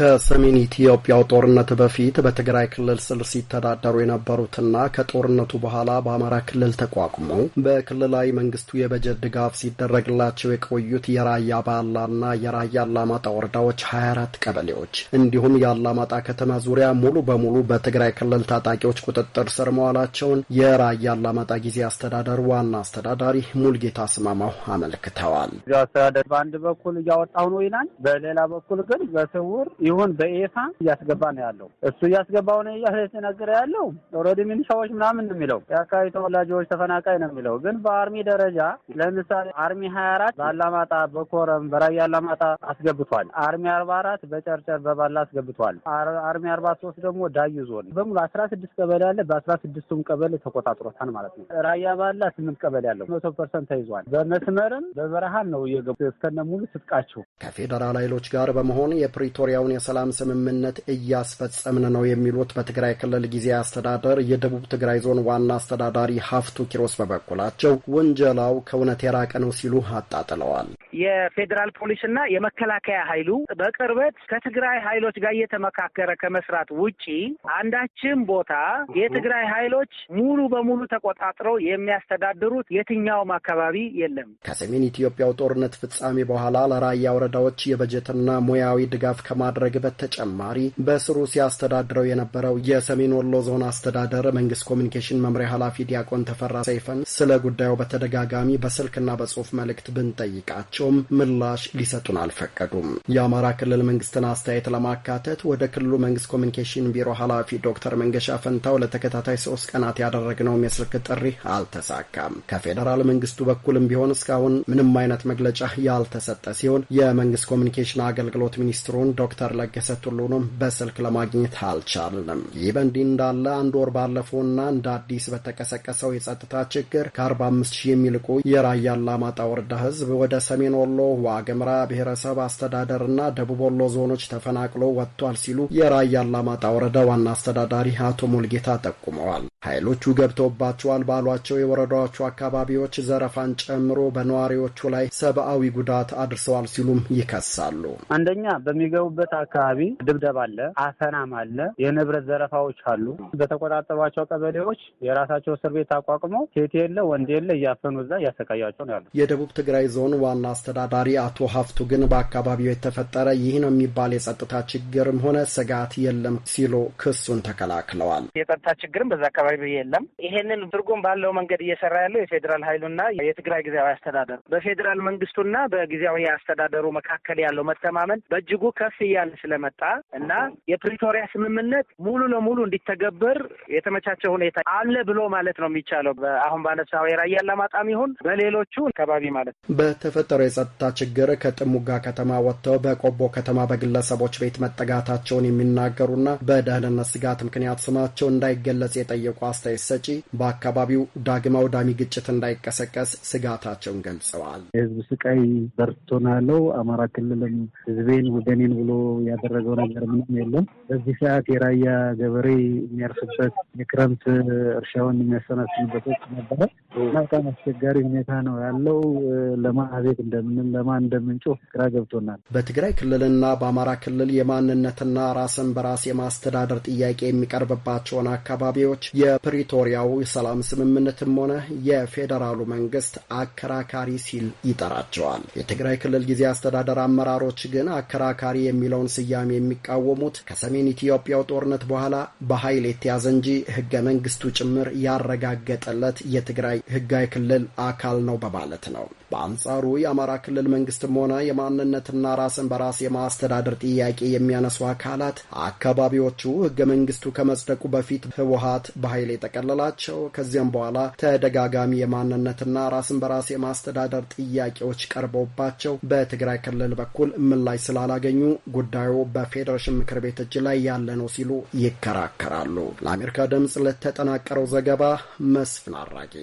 Speaker 8: ከሰሜን ኢትዮጵያው ጦርነት በፊት በትግራይ ክልል ስር ሲተዳደሩ የነበሩትና ከጦርነቱ በኋላ በአማራ ክልል ተቋቁመው በክልላዊ መንግስቱ የበጀት ድጋፍ ሲደረግላቸው የቆዩት የራያ ባላና የራያ አላማጣ ወረዳዎች 24 ቀበሌዎች እንዲሁም የአላማጣ ከተማ ዙሪያ ሙሉ በሙሉ በትግራይ ክልል ታጣቂዎች ቁጥጥር ስር መዋላቸውን የራያ አላማጣ ጊዜ አስተዳደር ዋና አስተዳዳሪ ሙልጌታ ስማማው አመልክተዋል።
Speaker 6: አስተዳደር በአንድ በኩል እያወጣሁ ነው ይላል፣ በሌላ በኩል ግን በስውር ይሁን በኤፋ እያስገባ ነው ያለው። እሱ እያስገባው ነው እያስነገረ ያለው ኦልሬዲ ሚኒሻዎች ምናምን ነው የሚለው የአካባቢ ተወላጆች ተፈናቃይ ነው የሚለው። ግን በአርሚ ደረጃ ለምሳሌ አርሚ ሀያ አራት በአላማጣ በኮረም በራያ አላማጣ አስገብቷል። አርሚ አርባ አራት በጨርጨር በባላ አስገብቷል። አርሚ አርባ ሶስት ደግሞ ዳዩ ዞን በሙሉ አስራ ስድስት ቀበሌ አለ። በአስራ ስድስቱም ቀበሌ ተቆጣጥሮታል ማለት ነው። ራያ ባላ ስምንት ቀበሌ ያለው መቶ ፐርሰንት ተይዟል። በመስመርም በበረሃን ነው እየገቡ እስከነ ሙሉ ስጥቃቸው
Speaker 8: ከፌዴራል ኃይሎች ጋር በመሆን የፕሪቶሪያውን የሰላም ስምምነት እያስፈጸምን ነው የሚሉት በትግራይ ክልል ጊዜ አስተዳደር የደቡብ ትግራይ ዞን ዋና አስተዳዳሪ ሀፍቱ ኪሮስ በበኩላቸው ወንጀላው ከእውነት የራቀ ነው ሲሉ አጣጥለዋል።
Speaker 3: የፌዴራል ፖሊስና የመከላከያ ኃይሉ በቅርበት ከትግራይ ኃይሎች ጋር እየተመካከረ ከመስራት ውጪ አንዳችም ቦታ የትግራይ ኃይሎች ሙሉ በሙሉ ተቆጣጥረው የሚያስተዳድሩት የትኛውም አካባቢ የለም።
Speaker 8: ከሰሜን ኢትዮጵያው ጦርነት ፍጻሜ በኋላ ለራያ ወረዳዎች የበጀትና ሙያዊ ድጋፍ ከማድረግ ከማድረግ በተጨማሪ በስሩ ሲያስተዳድረው የነበረው የሰሜን ወሎ ዞን አስተዳደር መንግስት ኮሚኒኬሽን መምሪያ ኃላፊ ዲያቆን ተፈራ ሰይፈን ስለ ጉዳዩ በተደጋጋሚ በስልክና በጽሁፍ መልእክት ብንጠይቃቸውም ምላሽ ሊሰጡን አልፈቀዱም። የአማራ ክልል መንግስትን አስተያየት ለማካተት ወደ ክልሉ መንግስት ኮሚኒኬሽን ቢሮ ኃላፊ ዶክተር መንገሻ ፈንታው ለተከታታይ ሶስት ቀናት ያደረግነውም የስልክ ጥሪ አልተሳካም። ከፌዴራል መንግስቱ በኩልም ቢሆን እስካሁን ምንም አይነት መግለጫ ያልተሰጠ ሲሆን የመንግስት ኮሚኒኬሽን አገልግሎት ሚኒስትሩን ዶክተር ለገሰቱሉንም በስልክ ለማግኘት አልቻልንም። ይህ በእንዲህ እንዳለ አንድ ወር ባለፈውና እንደ አዲስ በተቀሰቀሰው የጸጥታ ችግር ከ45 ሺህ የሚልቁ የራያ አላማጣ ወረዳ ህዝብ ወደ ሰሜን ወሎ ዋግምራ ብሔረሰብ አስተዳደርና ደቡብ ወሎ ዞኖች ተፈናቅሎ ወጥቷል ሲሉ የራያ አላማጣ ወረዳ ዋና አስተዳዳሪ አቶ ሙልጌታ ጠቁመዋል። ኃይሎቹ ገብተውባቸዋል ባሏቸው የወረዳዎቹ አካባቢዎች ዘረፋን ጨምሮ በነዋሪዎቹ ላይ ሰብአዊ ጉዳት አድርሰዋል ሲሉም ይከሳሉ።
Speaker 6: አንደኛ በሚገቡበት አካባቢ ድብደባ አለ፣ አፈናም አለ፣ የንብረት ዘረፋዎች አሉ። በተቆጣጠሯቸው ቀበሌዎች የራሳቸው እስር ቤት አቋቁመው ሴት የለ ወንድ የለ እያፈኑ እዛ እያሰቃያቸው ነው ያሉ።
Speaker 8: የደቡብ ትግራይ ዞን ዋና አስተዳዳሪ አቶ ሀፍቱ ግን በአካባቢው የተፈጠረ ይህ ነው የሚባል የጸጥታ ችግርም ሆነ ስጋት የለም ሲሉ ክሱን ተከላክለዋል።
Speaker 3: የጸጥታ ችግርም በዛ አካባቢ የለም። ይሄንን ትርጉም ባለው መንገድ እየሰራ ያለው የፌዴራል ኃይሉና የትግራይ ጊዜያዊ አስተዳደር በፌዴራል መንግስቱና በጊዜያዊ አስተዳደሩ መካከል ያለው መተማመን በእጅጉ ከፍ እያለ ስለመጣ እና የፕሪቶሪያ ስምምነት ሙሉ ለሙሉ እንዲተገበር የተመቻቸ ሁኔታ አለ ብሎ ማለት ነው የሚቻለው። አሁን ባነሳው የራያ አላማጣም ይሁን በሌሎቹ አካባቢ ማለት
Speaker 8: ነው። በተፈጠረው የጸጥታ ችግር ከጥሙጋ ከተማ ወጥተው በቆቦ ከተማ በግለሰቦች ቤት መጠጋታቸውን የሚናገሩና በደህንነት ስጋት ምክንያት ስማቸው እንዳይገለጽ የጠየቁ አስተያየት ሰጪ በአካባቢው ዳግም አውዳሚ ግጭት እንዳይቀሰቀስ ስጋታቸውን ገልጸዋል።
Speaker 6: የህዝብ ስቃይ ያለው። አማራ ክልልም ህዝቤን ወገኔን ብሎ ያደረገው ነገር ምንም የለም። በዚህ ሰዓት የራያ ገበሬ የሚያርስበት የክረምት እርሻውን የሚያሰናስንበት ወቅት ነበረ እና በጣም አስቸጋሪ ሁኔታ ነው ያለው። ለማን አቤት እንደምንል ለማን እንደምንጮህ ግራ ገብቶናል።
Speaker 8: በትግራይ ክልልና በአማራ ክልል የማንነትና ራስን በራስ የማስተዳደር ጥያቄ የሚቀርብባቸውን አካባቢዎች የፕሪቶሪያው የሰላም ስምምነትም ሆነ የፌዴራሉ መንግስት አከራካሪ ሲል ይጠራቸዋል። የትግራይ ክልል ጊዜ አስተዳደር አመራሮች ግን አከራካሪ የሚለው የሚለውን ስያሜ የሚቃወሙት ከሰሜን ኢትዮጵያው ጦርነት በኋላ በኃይል የተያዘ እንጂ ህገ መንግስቱ ጭምር ያረጋገጠለት የትግራይ ህጋዊ ክልል አካል ነው በማለት ነው። በአንጻሩ የአማራ ክልል መንግስትም ሆነ የማንነትና ራስን በራስ የማስተዳደር ጥያቄ የሚያነሱ አካላት አካባቢዎቹ ህገ መንግስቱ ከመጽደቁ በፊት ህወሀት በኃይል የጠቀለላቸው ከዚያም በኋላ ተደጋጋሚ የማንነትና ራስን በራስ የማስተዳደር ጥያቄዎች ቀርበውባቸው በትግራይ ክልል በኩል ምላሽ ስላላገኙ ጉዳ ጉዳዩ በፌዴሬሽን ምክር ቤት እጅ ላይ ያለ ነው ሲሉ ይከራከራሉ። ለአሜሪካ ድምፅ ለተጠናቀረው ዘገባ መስፍን አራጌ።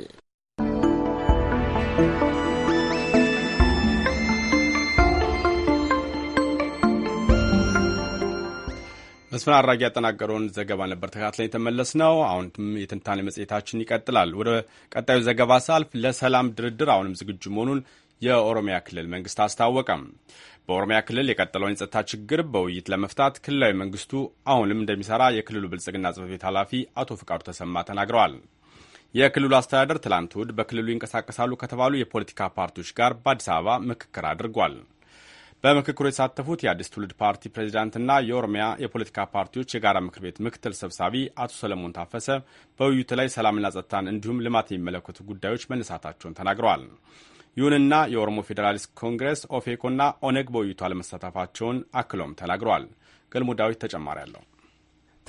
Speaker 1: መስፍን አራጊ ያጠናቀረውን ዘገባ ነበር ተካትለን የተመለስ ነው። አሁንም የትንታኔ መጽሔታችን ይቀጥላል። ወደ ቀጣዩ ዘገባ ሳልፍ ለሰላም ድርድር አሁንም ዝግጁ መሆኑን የኦሮሚያ ክልል መንግስት አስታወቀም። በኦሮሚያ ክልል የቀጠለውን የጸጥታ ችግር በውይይት ለመፍታት ክልላዊ መንግስቱ አሁንም እንደሚሰራ የክልሉ ብልጽግና ጽሕፈት ቤት ኃላፊ አቶ ፍቃዱ ተሰማ ተናግረዋል። የክልሉ አስተዳደር ትላንት እሁድ በክልሉ ይንቀሳቀሳሉ ከተባሉ የፖለቲካ ፓርቲዎች ጋር በአዲስ አበባ ምክክር አድርጓል። በምክክሩ የተሳተፉት የአዲስ ትውልድ ፓርቲ ፕሬዚዳንትና የኦሮሚያ የፖለቲካ ፓርቲዎች የጋራ ምክር ቤት ምክትል ሰብሳቢ አቶ ሰለሞን ታፈሰ በውይይቱ ላይ ሰላምና ጸጥታን እንዲሁም ልማት የሚመለከቱ ጉዳዮች መነሳታቸውን ተናግረዋል። ይሁንና የኦሮሞ ፌዴራሊስት ኮንግረስ ኦፌኮና ኦነግ በውይይቱ አለመሳተፋቸውን አክለውም ተናግረዋል። ገልሞ ዳዊት ተጨማሪ
Speaker 9: አለው።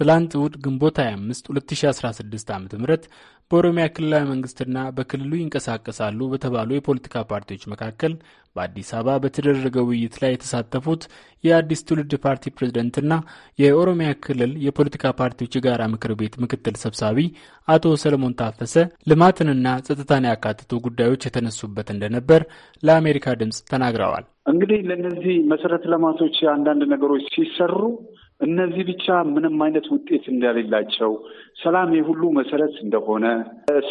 Speaker 9: ትላንት እሁድ ግንቦት 25 2016 ዓ ም በኦሮሚያ ክልላዊ መንግስትና በክልሉ ይንቀሳቀሳሉ በተባሉ የፖለቲካ ፓርቲዎች መካከል በአዲስ አበባ በተደረገ ውይይት ላይ የተሳተፉት የአዲስ ትውልድ ፓርቲ ፕሬዝደንትና የኦሮሚያ ክልል የፖለቲካ ፓርቲዎች የጋራ ምክር ቤት ምክትል ሰብሳቢ አቶ ሰለሞን ታፈሰ ልማትንና ጸጥታን ያካትቱ ጉዳዮች የተነሱበት እንደነበር ለአሜሪካ ድምፅ ተናግረዋል።
Speaker 6: እንግዲህ ለእነዚህ መሰረተ ልማቶች አንዳንድ ነገሮች ሲሰሩ እነዚህ ብቻ ምንም አይነት ውጤት እንደሌላቸው፣ ሰላም የሁሉ መሰረት እንደሆነ፣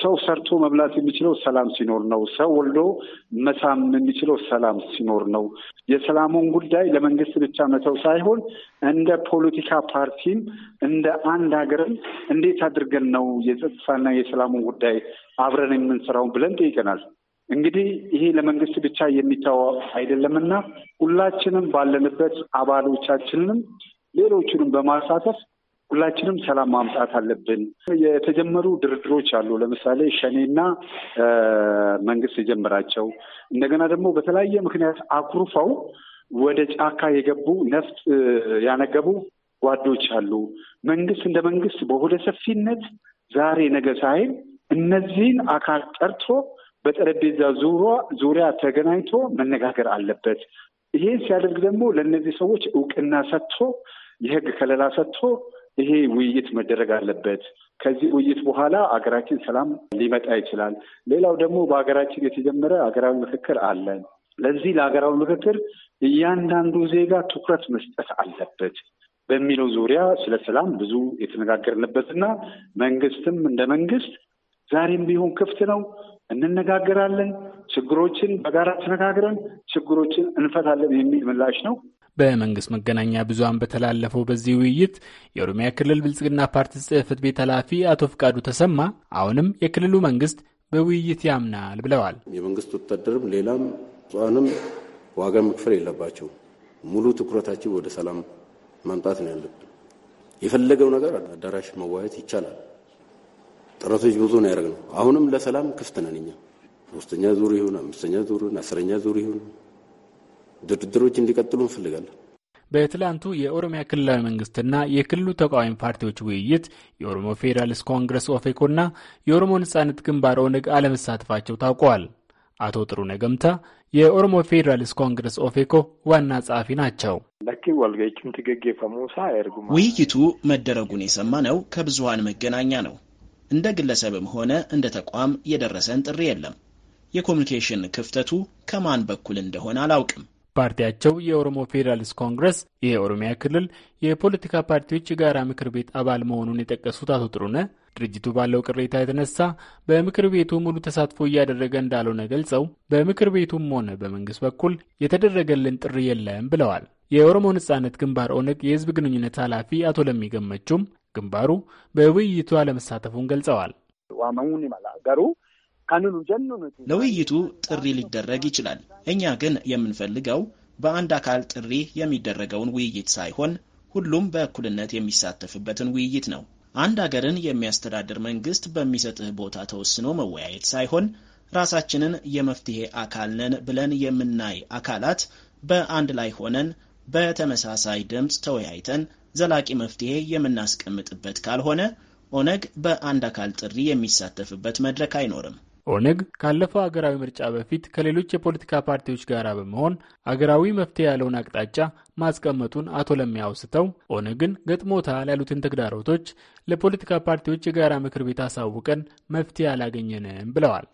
Speaker 6: ሰው ሰርቶ መብላት የሚችለው ሰላም ሲኖር ነው። ሰው ወልዶ መሳም የሚችለው ሰላም ሲኖር ነው። የሰላሙን ጉዳይ ለመንግስት ብቻ መተው ሳይሆን እንደ ፖለቲካ ፓርቲም እንደ አንድ ሀገርም እንዴት አድርገን ነው የጸጥታና የሰላሙን ጉዳይ አብረን የምንሰራውን ብለን ጠይቀናል። እንግዲህ ይሄ ለመንግስት ብቻ የሚተው አይደለምና ሁላችንም ባለንበት አባሎቻችንንም ሌሎችንም በማሳተፍ ሁላችንም ሰላም ማምጣት አለብን። የተጀመሩ ድርድሮች አሉ። ለምሳሌ ሸኔና መንግስት የጀመራቸው እንደገና ደግሞ በተለያየ ምክንያት አኩርፈው ወደ ጫካ የገቡ ነፍጥ ያነገቡ ጓዶች አሉ። መንግስት እንደ መንግስት በሆደ ሰፊነት ዛሬ ነገ ሳይል እነዚህን አካል ጠርቶ በጠረጴዛ ዙሪያ ተገናኝቶ መነጋገር አለበት። ይሄን ሲያደርግ ደግሞ ለእነዚህ ሰዎች እውቅና ሰጥቶ የህግ ከለላ ሰጥቶ ይሄ ውይይት መደረግ አለበት። ከዚህ ውይይት በኋላ አገራችን ሰላም ሊመጣ ይችላል። ሌላው ደግሞ በሀገራችን የተጀመረ አገራዊ ምክክር አለ። ለዚህ ለሀገራዊ ምክክር እያንዳንዱ ዜጋ ትኩረት መስጠት አለበት በሚለው ዙሪያ ስለ ሰላም ብዙ የተነጋገርንበትና መንግስትም እንደ መንግስት ዛሬም ቢሆን ክፍት ነው እንነጋገራለን፣ ችግሮችን በጋራ ተነጋግረን ችግሮችን እንፈታለን የሚል ምላሽ ነው።
Speaker 9: በመንግስት መገናኛ ብዙሃን በተላለፈው በዚህ ውይይት የኦሮሚያ ክልል ብልጽግና ፓርቲ ጽህፈት ቤት ኃላፊ አቶ ፍቃዱ ተሰማ አሁንም የክልሉ መንግስት በውይይት ያምናል ብለዋል።
Speaker 2: የመንግስት ወታደርም ሌላም ንም ዋጋ መክፈል የለባቸው። ሙሉ ትኩረታችን ወደ ሰላም ማምጣት ነው ያለብን። የፈለገው ነገር አዳራሽ መዋየት ይቻላል። ጥረቶች ብዙ ነው ያደረግነው። አሁንም ለሰላም ክፍት ነን እኛ። ሶስተኛ ዙር ይሁን አምስተኛ ዙር አስረኛ ዙር ይሁን ድርድሮች እንዲቀጥሉ እንፈልጋለን።
Speaker 9: በትላንቱ የኦሮሚያ ክልላዊ መንግስትና የክልሉ ተቃዋሚ ፓርቲዎች ውይይት የኦሮሞ ፌዴራልስ ኮንግረስ ኦፌኮና የኦሮሞ ነጻነት ግንባር ኦነግ አለመሳተፋቸው ታውቀዋል። አቶ ጥሩ ነገምታ የኦሮሞ ፌዴራልስ
Speaker 5: ኮንግረስ ኦፌኮ ዋና ጸሐፊ ናቸው። ውይይቱ መደረጉን ነው ከብዙሀን መገናኛ ነው። እንደ ግለሰብም ሆነ እንደ ተቋም የደረሰን ጥሪ የለም። የኮሚኒኬሽን ክፍተቱ ከማን በኩል እንደሆነ አላውቅም።
Speaker 9: ፓርቲያቸው የኦሮሞ ፌዴራሊስት ኮንግረስ የኦሮሚያ ክልል የፖለቲካ ፓርቲዎች የጋራ ምክር ቤት አባል መሆኑን የጠቀሱት አቶ ጥሩነ ድርጅቱ ባለው ቅሬታ የተነሳ በምክር ቤቱ ሙሉ ተሳትፎ እያደረገ እንዳልሆነ ገልጸው በምክር ቤቱም ሆነ በመንግስት በኩል የተደረገልን ጥሪ የለም ብለዋል። የኦሮሞ ነጻነት ግንባር ኦነግ የህዝብ ግንኙነት ኃላፊ አቶ ለሚ ግንባሩ በውይይቱ አለመሳተፉን ገልጸዋል።
Speaker 5: ለውይይቱ ጥሪ ሊደረግ ይችላል። እኛ ግን የምንፈልገው በአንድ አካል ጥሪ የሚደረገውን ውይይት ሳይሆን ሁሉም በእኩልነት የሚሳተፍበትን ውይይት ነው። አንድ አገርን የሚያስተዳድር መንግስት በሚሰጥህ ቦታ ተወስኖ መወያየት ሳይሆን ራሳችንን የመፍትሄ አካል ነን ብለን የምናይ አካላት በአንድ ላይ ሆነን በተመሳሳይ ድምፅ ተወያይተን ዘላቂ መፍትሄ የምናስቀምጥበት ካልሆነ ኦነግ በአንድ አካል ጥሪ የሚሳተፍበት መድረክ አይኖርም። ኦነግ
Speaker 9: ካለፈው አገራዊ ምርጫ በፊት ከሌሎች የፖለቲካ ፓርቲዎች ጋር በመሆን አገራዊ መፍትሄ ያለውን አቅጣጫ ማስቀመጡን አቶ ለሚያውስተው አውስተው ኦነግን ገጥሞታል ያሉትን ተግዳሮቶች ለፖለቲካ ፓርቲዎች የጋራ ምክር ቤት አሳውቀን መፍትሄ
Speaker 5: አላገኘንም ብለዋል።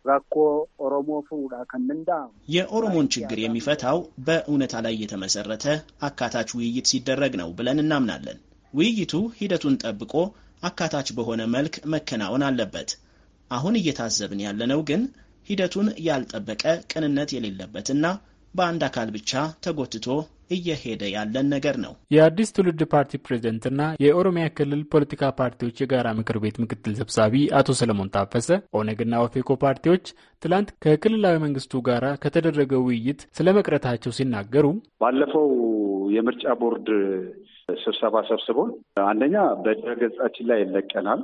Speaker 5: የኦሮሞን ችግር የሚፈታው በእውነታ ላይ የተመሰረተ አካታች ውይይት ሲደረግ ነው ብለን እናምናለን። ውይይቱ ሂደቱን ጠብቆ አካታች በሆነ መልክ መከናወን አለበት። አሁን እየታዘብን ያለነው ግን ሂደቱን ያልጠበቀ ቅንነት የሌለበትና በአንድ አካል ብቻ ተጎትቶ እየሄደ ያለን ነገር ነው።
Speaker 9: የአዲስ ትውልድ ፓርቲ ፕሬዝደንትና የኦሮሚያ ክልል ፖለቲካ ፓርቲዎች የጋራ ምክር ቤት ምክትል ሰብሳቢ አቶ ሰለሞን ታፈሰ ኦነግና ኦፌኮ ፓርቲዎች ትላንት ከክልላዊ መንግስቱ ጋር ከተደረገ ውይይት ስለ መቅረታቸው ሲናገሩ
Speaker 6: ባለፈው የምርጫ ቦርድ ስብሰባ ሰብስቦን አንደኛ በድረ ገጻችን ላይ ይለቀናል፣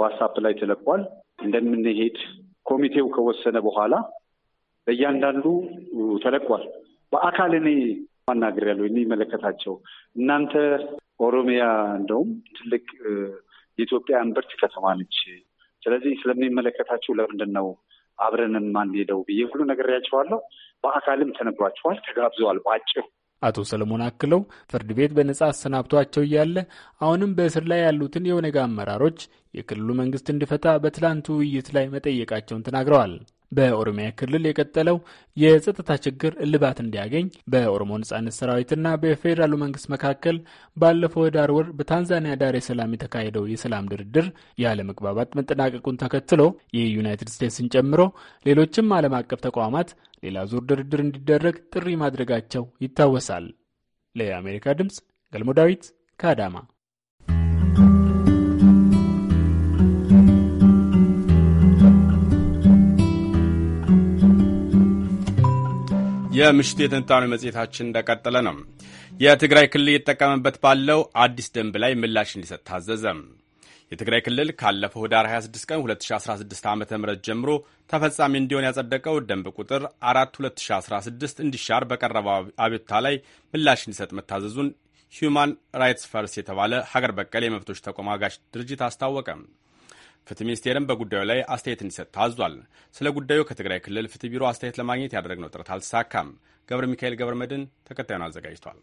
Speaker 6: ዋትሳፕ ላይ ተለቋል። እንደምንሄድ ኮሚቴው ከወሰነ በኋላ በእያንዳንዱ ተለቋል። በአካል እኔ ማናገር አናግሬያለሁ የሚመለከታቸው እናንተ ኦሮሚያ እንደውም ትልቅ የኢትዮጵያ እምብርት ከተማ ነች። ስለዚህ ስለሚመለከታችሁ ለምንድን ነው አብረን ማንሄደው ብዬ ሁሉ ነገር ያቸዋለሁ። በአካልም ተነግሯቸዋል፣ ተጋብዘዋል። በአጭሩ
Speaker 9: አቶ ሰለሞን አክለው ፍርድ ቤት በነጻ አሰናብቷቸው እያለ አሁንም በእስር ላይ ያሉትን የኦነግ አመራሮች የክልሉ መንግስት እንዲፈታ በትላንቱ ውይይት ላይ መጠየቃቸውን ተናግረዋል። በኦሮሚያ ክልል የቀጠለው የጸጥታ ችግር እልባት እንዲያገኝ በኦሮሞ ነጻነት ሰራዊትና በፌዴራሉ መንግስት መካከል ባለፈው ህዳር ወር በታንዛኒያ ዳሬ ሰላም የተካሄደው የሰላም ድርድር ያለመግባባት መጠናቀቁን ተከትሎ የዩናይትድ ስቴትስን ጨምሮ ሌሎችም ዓለም አቀፍ ተቋማት ሌላ ዙር ድርድር እንዲደረግ ጥሪ ማድረጋቸው ይታወሳል። ለአሜሪካ ድምፅ ገልሞ ዳዊት ከአዳማ
Speaker 1: የምሽቱ የትንታኔ መጽሔታችን እንደቀጠለ ነው። የትግራይ ክልል እየተጠቀመበት ባለው አዲስ ደንብ ላይ ምላሽ እንዲሰጥ ታዘዘ። የትግራይ ክልል ካለፈው ህዳር 26 ቀን 2016 ዓ ም ጀምሮ ተፈጻሚ እንዲሆን ያጸደቀው ደንብ ቁጥር 4 2016 እንዲሻር በቀረበው አቤቱታ ላይ ምላሽ እንዲሰጥ መታዘዙን ሂዩማን ራይትስ ፈርስ የተባለ ሀገር በቀል የመብቶች ተሟጋች ድርጅት አስታወቀ። ፍትህ ሚኒስቴርም በጉዳዩ ላይ አስተያየት እንዲሰጥ ታዟል። ስለ ጉዳዩ ከትግራይ ክልል ፍትህ ቢሮ አስተያየት ለማግኘት ያደረግነው ጥረት አልተሳካም። ገብረ ሚካኤል ገብረ መድን ተከታዩን አዘጋጅቷል።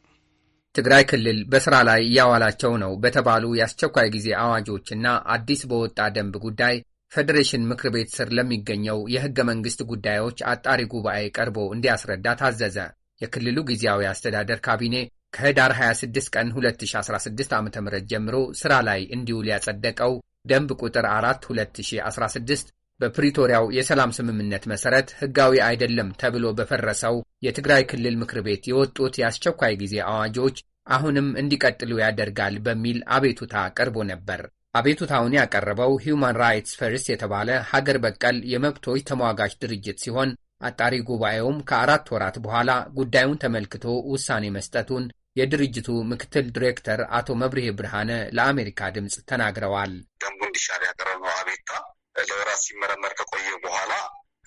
Speaker 10: ትግራይ ክልል በስራ ላይ እያዋላቸው ነው በተባሉ የአስቸኳይ ጊዜ አዋጆችና አዲስ በወጣ ደንብ ጉዳይ ፌዴሬሽን ምክር ቤት ስር ለሚገኘው የህገ መንግስት ጉዳዮች አጣሪ ጉባኤ ቀርቦ እንዲያስረዳ ታዘዘ። የክልሉ ጊዜያዊ አስተዳደር ካቢኔ ከህዳር 26 ቀን 2016 ዓ ም ጀምሮ ሥራ ላይ እንዲውል ያጸደቀው ደንብ ቁጥር 4 2016 በፕሪቶሪያው የሰላም ስምምነት መሠረት ሕጋዊ አይደለም ተብሎ በፈረሰው የትግራይ ክልል ምክር ቤት የወጡት የአስቸኳይ ጊዜ አዋጆች አሁንም እንዲቀጥሉ ያደርጋል በሚል አቤቱታ ቀርቦ ነበር። አቤቱታውን ያቀረበው ሂውማን ራይትስ ፈርስት የተባለ ሀገር በቀል የመብቶች ተሟጋች ድርጅት ሲሆን አጣሪ ጉባኤውም ከአራት ወራት በኋላ ጉዳዩን ተመልክቶ ውሳኔ መስጠቱን የድርጅቱ ምክትል ዲሬክተር አቶ መብርሄ ብርሃነ ለአሜሪካ ድምፅ ተናግረዋል። ደንቡ እንዲሻር ያቀረብነው አቤታ
Speaker 2: ለወራት ሲመረመር ከቆየ በኋላ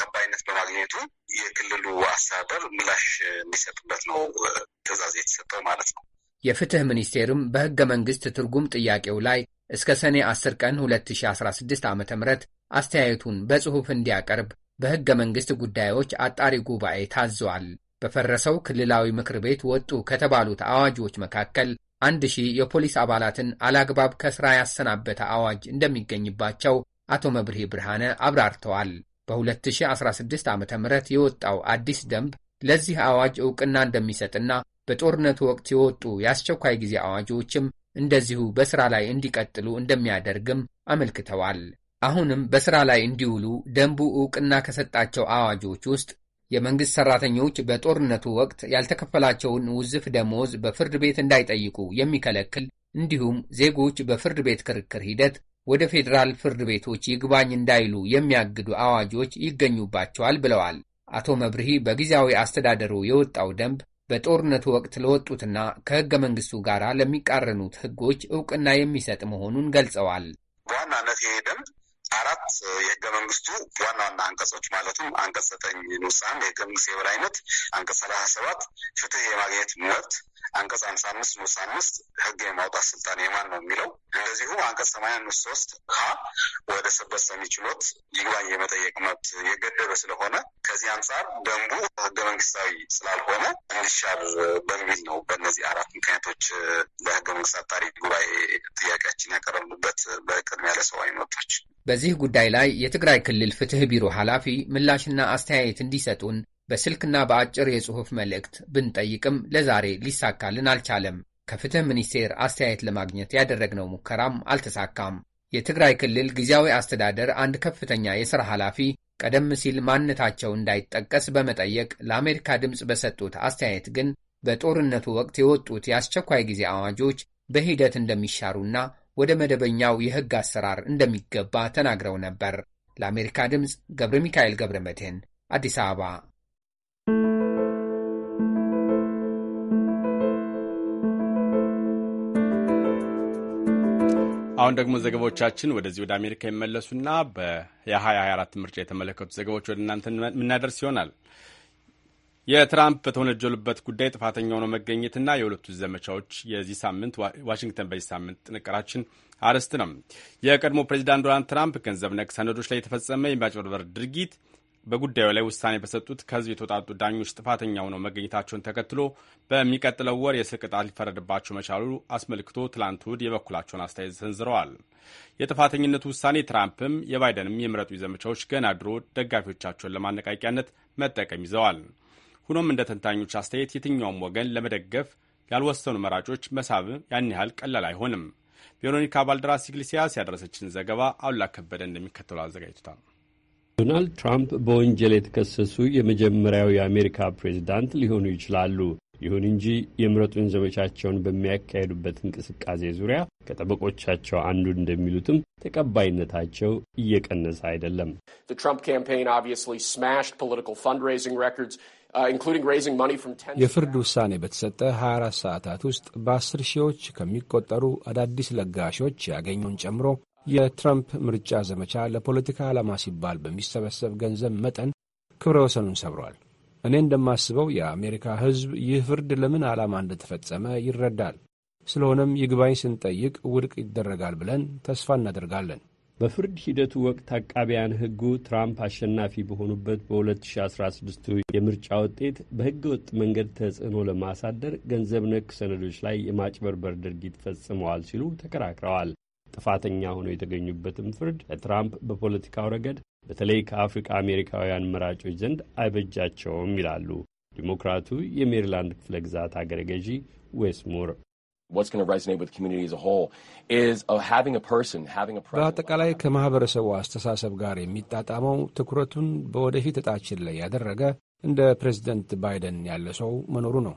Speaker 2: ተቀባይነት በማግኘቱ የክልሉ አስተዳደር ምላሽ እንዲሰጥበት ነው ትዕዛዝ
Speaker 10: የተሰጠው ማለት ነው። የፍትህ ሚኒስቴርም በህገ መንግስት ትርጉም ጥያቄው ላይ እስከ ሰኔ 10 ቀን 2016 ዓ ም አስተያየቱን በጽሑፍ እንዲያቀርብ በህገ መንግስት ጉዳዮች አጣሪ ጉባኤ ታዟል። በፈረሰው ክልላዊ ምክር ቤት ወጡ ከተባሉት አዋጆች መካከል አንድ ሺህ የፖሊስ አባላትን አላግባብ ከስራ ያሰናበተ አዋጅ እንደሚገኝባቸው አቶ መብርሄ ብርሃነ አብራርተዋል። በ2016 ዓ ም የወጣው አዲስ ደንብ ለዚህ አዋጅ ዕውቅና እንደሚሰጥና በጦርነቱ ወቅት የወጡ የአስቸኳይ ጊዜ አዋጆችም እንደዚሁ በሥራ ላይ እንዲቀጥሉ እንደሚያደርግም አመልክተዋል። አሁንም በሥራ ላይ እንዲውሉ ደንቡ ዕውቅና ከሰጣቸው አዋጆች ውስጥ የመንግሥት ሠራተኞች በጦርነቱ ወቅት ያልተከፈላቸውን ውዝፍ ደሞዝ በፍርድ ቤት እንዳይጠይቁ የሚከለክል እንዲሁም ዜጎች በፍርድ ቤት ክርክር ሂደት ወደ ፌዴራል ፍርድ ቤቶች ይግባኝ እንዳይሉ የሚያግዱ አዋጆች ይገኙባቸዋል ብለዋል አቶ መብርሂ። በጊዜያዊ አስተዳደሩ የወጣው ደንብ በጦርነቱ ወቅት ለወጡትና ከሕገ መንግሥቱ ጋር ለሚቃረኑት ሕጎች ዕውቅና የሚሰጥ መሆኑን ገልጸዋል። በዋናነት ይሄ ደንብ አራት የህገ መንግስቱ ዋና ዋና አንቀጾች ማለትም አንቀጽ ዘጠኝ ንዑስ የህገ መንግስት የበላይነት፣ አንቀጽ ሰላሳ ሰባት ፍትህ የማግኘት
Speaker 6: መብት፣ አንቀጽ ሀምሳ አምስት ንዑስ አምስት ህግ የማውጣት ስልጣን የማን ነው የሚለው እንደዚሁ አንቀጽ ሰማንያ ንዑስ ሶስት ሀ ወደ ሰበር ሰሚ ችሎት ይግባኝ የመጠየቅ
Speaker 2: መብት የገደበ ስለሆነ ከዚህ አንጻር ደንቡ ህገ መንግስታዊ ስላልሆነ እንዲሻር በሚል ነው።
Speaker 10: በእነዚህ አራት ምክንያቶች ለህገ መንግስት አጣሪ ጉባኤ ጥያቄያችን ያቀረብንበት በቅድሚያ ለሰብአዊ መብቶች በዚህ ጉዳይ ላይ የትግራይ ክልል ፍትህ ቢሮ ኃላፊ ምላሽና አስተያየት እንዲሰጡን በስልክና በአጭር የጽሑፍ መልእክት ብንጠይቅም ለዛሬ ሊሳካልን አልቻለም። ከፍትሕ ሚኒስቴር አስተያየት ለማግኘት ያደረግነው ሙከራም አልተሳካም። የትግራይ ክልል ጊዜያዊ አስተዳደር አንድ ከፍተኛ የሥራ ኃላፊ ቀደም ሲል ማንነታቸው እንዳይጠቀስ በመጠየቅ ለአሜሪካ ድምፅ በሰጡት አስተያየት ግን በጦርነቱ ወቅት የወጡት የአስቸኳይ ጊዜ አዋጆች በሂደት እንደሚሻሩና ወደ መደበኛው የሕግ አሰራር እንደሚገባ ተናግረው ነበር። ለአሜሪካ ድምፅ ገብረ ሚካኤል ገብረ መድህን አዲስ አበባ
Speaker 1: አሁን ደግሞ ዘገባዎቻችን ወደዚህ ወደ አሜሪካ ይመለሱና በ2024 ምርጫ የተመለከቱ ዘገባዎች ወደ እናንተ የምናደርስ ይሆናል። የትራምፕ በተወነጀሉበት ጉዳይ ጥፋተኛ ሆኖ መገኘትና የሁለቱ ዘመቻዎች የዚህ ሳምንት ዋሽንግተን በዚህ ሳምንት ጥንቅራችን አርዕስት ነው። የቀድሞ ፕሬዚዳንት ዶናልድ ትራምፕ ገንዘብ ነክ ሰነዶች ላይ የተፈጸመ የማጭበርበር ድርጊት በጉዳዩ ላይ ውሳኔ በሰጡት ከዚህ የተውጣጡ ዳኞች ጥፋተኛ ሆነው መገኘታቸውን ተከትሎ በሚቀጥለው ወር የስር ቅጣት ሊፈረድባቸው መቻሉ አስመልክቶ ትላንት እሁድ የበኩላቸውን አስተያየት ሰንዝረዋል። የጥፋተኝነቱ ውሳኔ ትራምፕም የባይደንም የምረጡ ዘመቻዎች ገና ድሮ ደጋፊዎቻቸውን ለማነቃቂያነት መጠቀም ይዘዋል። ሆኖም እንደ ተንታኞች አስተያየት የትኛውም ወገን ለመደገፍ ያልወሰኑ መራጮች መሳብ ያን ያህል ቀላል አይሆንም። ቬሮኒካ ባልደራስ ኢግሊሲያስ ያደረሰችን ዘገባ አሉላ ከበደ እንደሚከተሉ አዘጋጅቷል።
Speaker 11: ዶናልድ ትራምፕ በወንጀል የተከሰሱ የመጀመሪያው የአሜሪካ ፕሬዝዳንት ሊሆኑ ይችላሉ። ይሁን እንጂ የምረጡን ዘመቻቸውን በሚያካሄዱበት እንቅስቃሴ ዙሪያ ከጠበቆቻቸው አንዱ እንደሚሉትም ተቀባይነታቸው እየቀነሰ አይደለም።
Speaker 5: uh, የፍርድ
Speaker 12: ውሳኔ በተሰጠ 24 ሰዓታት ውስጥ በአስር ሺዎች ከሚቆጠሩ አዳዲስ ለጋሾች ያገኙን ጨምሮ የትራምፕ ምርጫ ዘመቻ ለፖለቲካ ዓላማ ሲባል በሚሰበሰብ ገንዘብ መጠን ክብረ ወሰኑን ሰብሯል። እኔ እንደማስበው የአሜሪካ ሕዝብ ይህ ፍርድ ለምን ዓላማ እንደተፈጸመ ይረዳል። ስለሆነም ይግባኝ ስንጠይቅ ውድቅ ይደረጋል ብለን ተስፋ እናደርጋለን።
Speaker 11: በፍርድ ሂደቱ ወቅት አቃቢያን ሕጉ ትራምፕ አሸናፊ በሆኑበት በ2016 የምርጫ ውጤት በሕገ ወጥ መንገድ ተጽዕኖ ለማሳደር ገንዘብ ነክ ሰነዶች ላይ የማጭበርበር ድርጊት ፈጽመዋል ሲሉ ተከራክረዋል። ጥፋተኛ ሆኖ የተገኙበትም ፍርድ ለትራምፕ በፖለቲካው ረገድ በተለይ ከአፍሪካ አሜሪካውያን መራጮች ዘንድ አይበጃቸውም ይላሉ ዲሞክራቱ የሜሪላንድ ክፍለ ግዛት አገረ ገዢ ዌስሙር። oh,
Speaker 12: በአጠቃላይ ከማኅበረሰቡ አስተሳሰብ ጋር የሚጣጣመው ትኩረቱን በወደፊት እጣችን ላይ ያደረገ እንደ ፕሬዚደንት ባይደን ያለ ሰው መኖሩ
Speaker 11: ነው።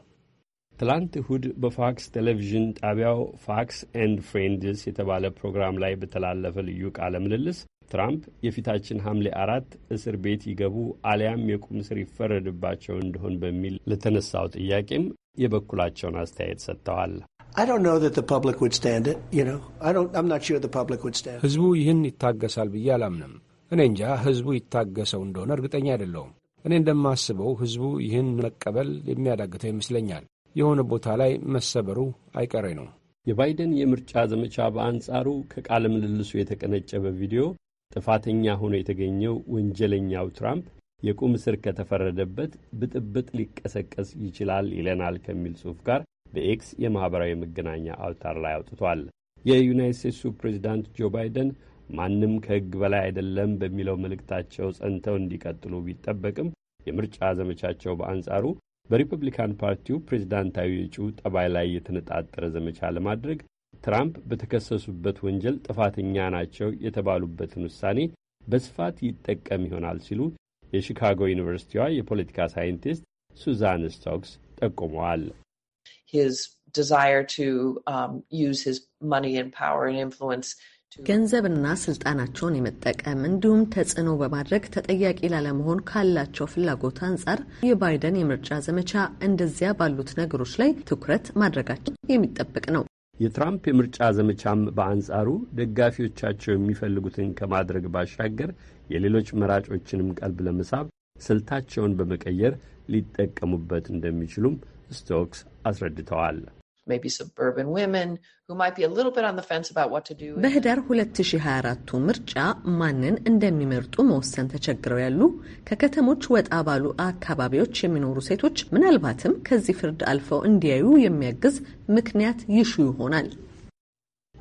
Speaker 11: ትላንት እሁድ በፋክስ ቴሌቪዥን ጣቢያው ፋክስ ኤንድ ፍሬንድስ የተባለ ፕሮግራም ላይ በተላለፈ ልዩ ቃለ ምልልስ ትራምፕ የፊታችን ሐምሌ አራት እስር ቤት ይገቡ አሊያም የቁም ስር ይፈረድባቸው እንደሆን በሚል ለተነሳው ጥያቄም የበኩላቸውን አስተያየት ሰጥተዋል።
Speaker 12: ህዝቡ ይህን ይታገሳል ብዬ አላምንም። እኔ እንጃ ህዝቡ ይታገሰው እንደሆነ እርግጠኛ አይደለውም። እኔ እንደማስበው ህዝቡ ይህን መቀበል የሚያዳግተው ይመስለኛል። የሆነ ቦታ ላይ መሰበሩ አይቀሬ ነው።
Speaker 11: የባይደን የምርጫ ዘመቻ በአንጻሩ ከቃለ ምልልሱ የተቀነጨበ ቪዲዮ ጥፋተኛ ሆኖ የተገኘው ወንጀለኛው ትራምፕ የቁም እስር ከተፈረደበት ብጥብጥ ሊቀሰቀስ ይችላል ይለናል ከሚል ጽሑፍ ጋር በኤክስ የማኅበራዊ መገናኛ አውታር ላይ አውጥቷል። የዩናይት ስቴትሱ ፕሬዚዳንት ጆ ባይደን ማንም ከሕግ በላይ አይደለም በሚለው መልእክታቸው ጸንተው እንዲቀጥሉ ቢጠበቅም የምርጫ ዘመቻቸው በአንጻሩ በሪፐብሊካን ፓርቲው ፕሬዝዳንታዊ እጩ ጠባይ ላይ የተነጣጠረ ዘመቻ ለማድረግ ትራምፕ በተከሰሱበት ወንጀል ጥፋተኛ ናቸው የተባሉበትን ውሳኔ በስፋት ይጠቀም ይሆናል ሲሉ የሺካጎ ዩኒቨርሲቲዋ የፖለቲካ ሳይንቲስት ሱዛን ስቶክስ
Speaker 13: ጠቁመዋል። ሂዝ ዲዛየር ዩዝ ሂዝ ፓወር ኤንድ ገንዘብና ስልጣናቸውን የመጠቀም እንዲሁም ተጽዕኖ በማድረግ ተጠያቂ ላለመሆን ካላቸው ፍላጎት አንጻር የባይደን የምርጫ ዘመቻ እንደዚያ ባሉት ነገሮች ላይ ትኩረት ማድረጋቸው የሚጠበቅ ነው።
Speaker 11: የትራምፕ የምርጫ ዘመቻም በአንጻሩ ደጋፊዎቻቸው የሚፈልጉትን ከማድረግ ባሻገር የሌሎች መራጮችንም ቀልብ ለመሳብ ስልታቸውን በመቀየር ሊጠቀሙበት እንደሚችሉም ስቶክስ አስረድተዋል።
Speaker 13: በህዳር 2024ቱ ምርጫ ማንን እንደሚመርጡ መወሰን ተቸግረው ያሉ ከከተሞች ወጣ ባሉ አካባቢዎች የሚኖሩ ሴቶች ምናልባትም ከዚህ ፍርድ አልፈው እንዲያዩ የሚያግዝ ምክንያት ይሹ ይሆናል።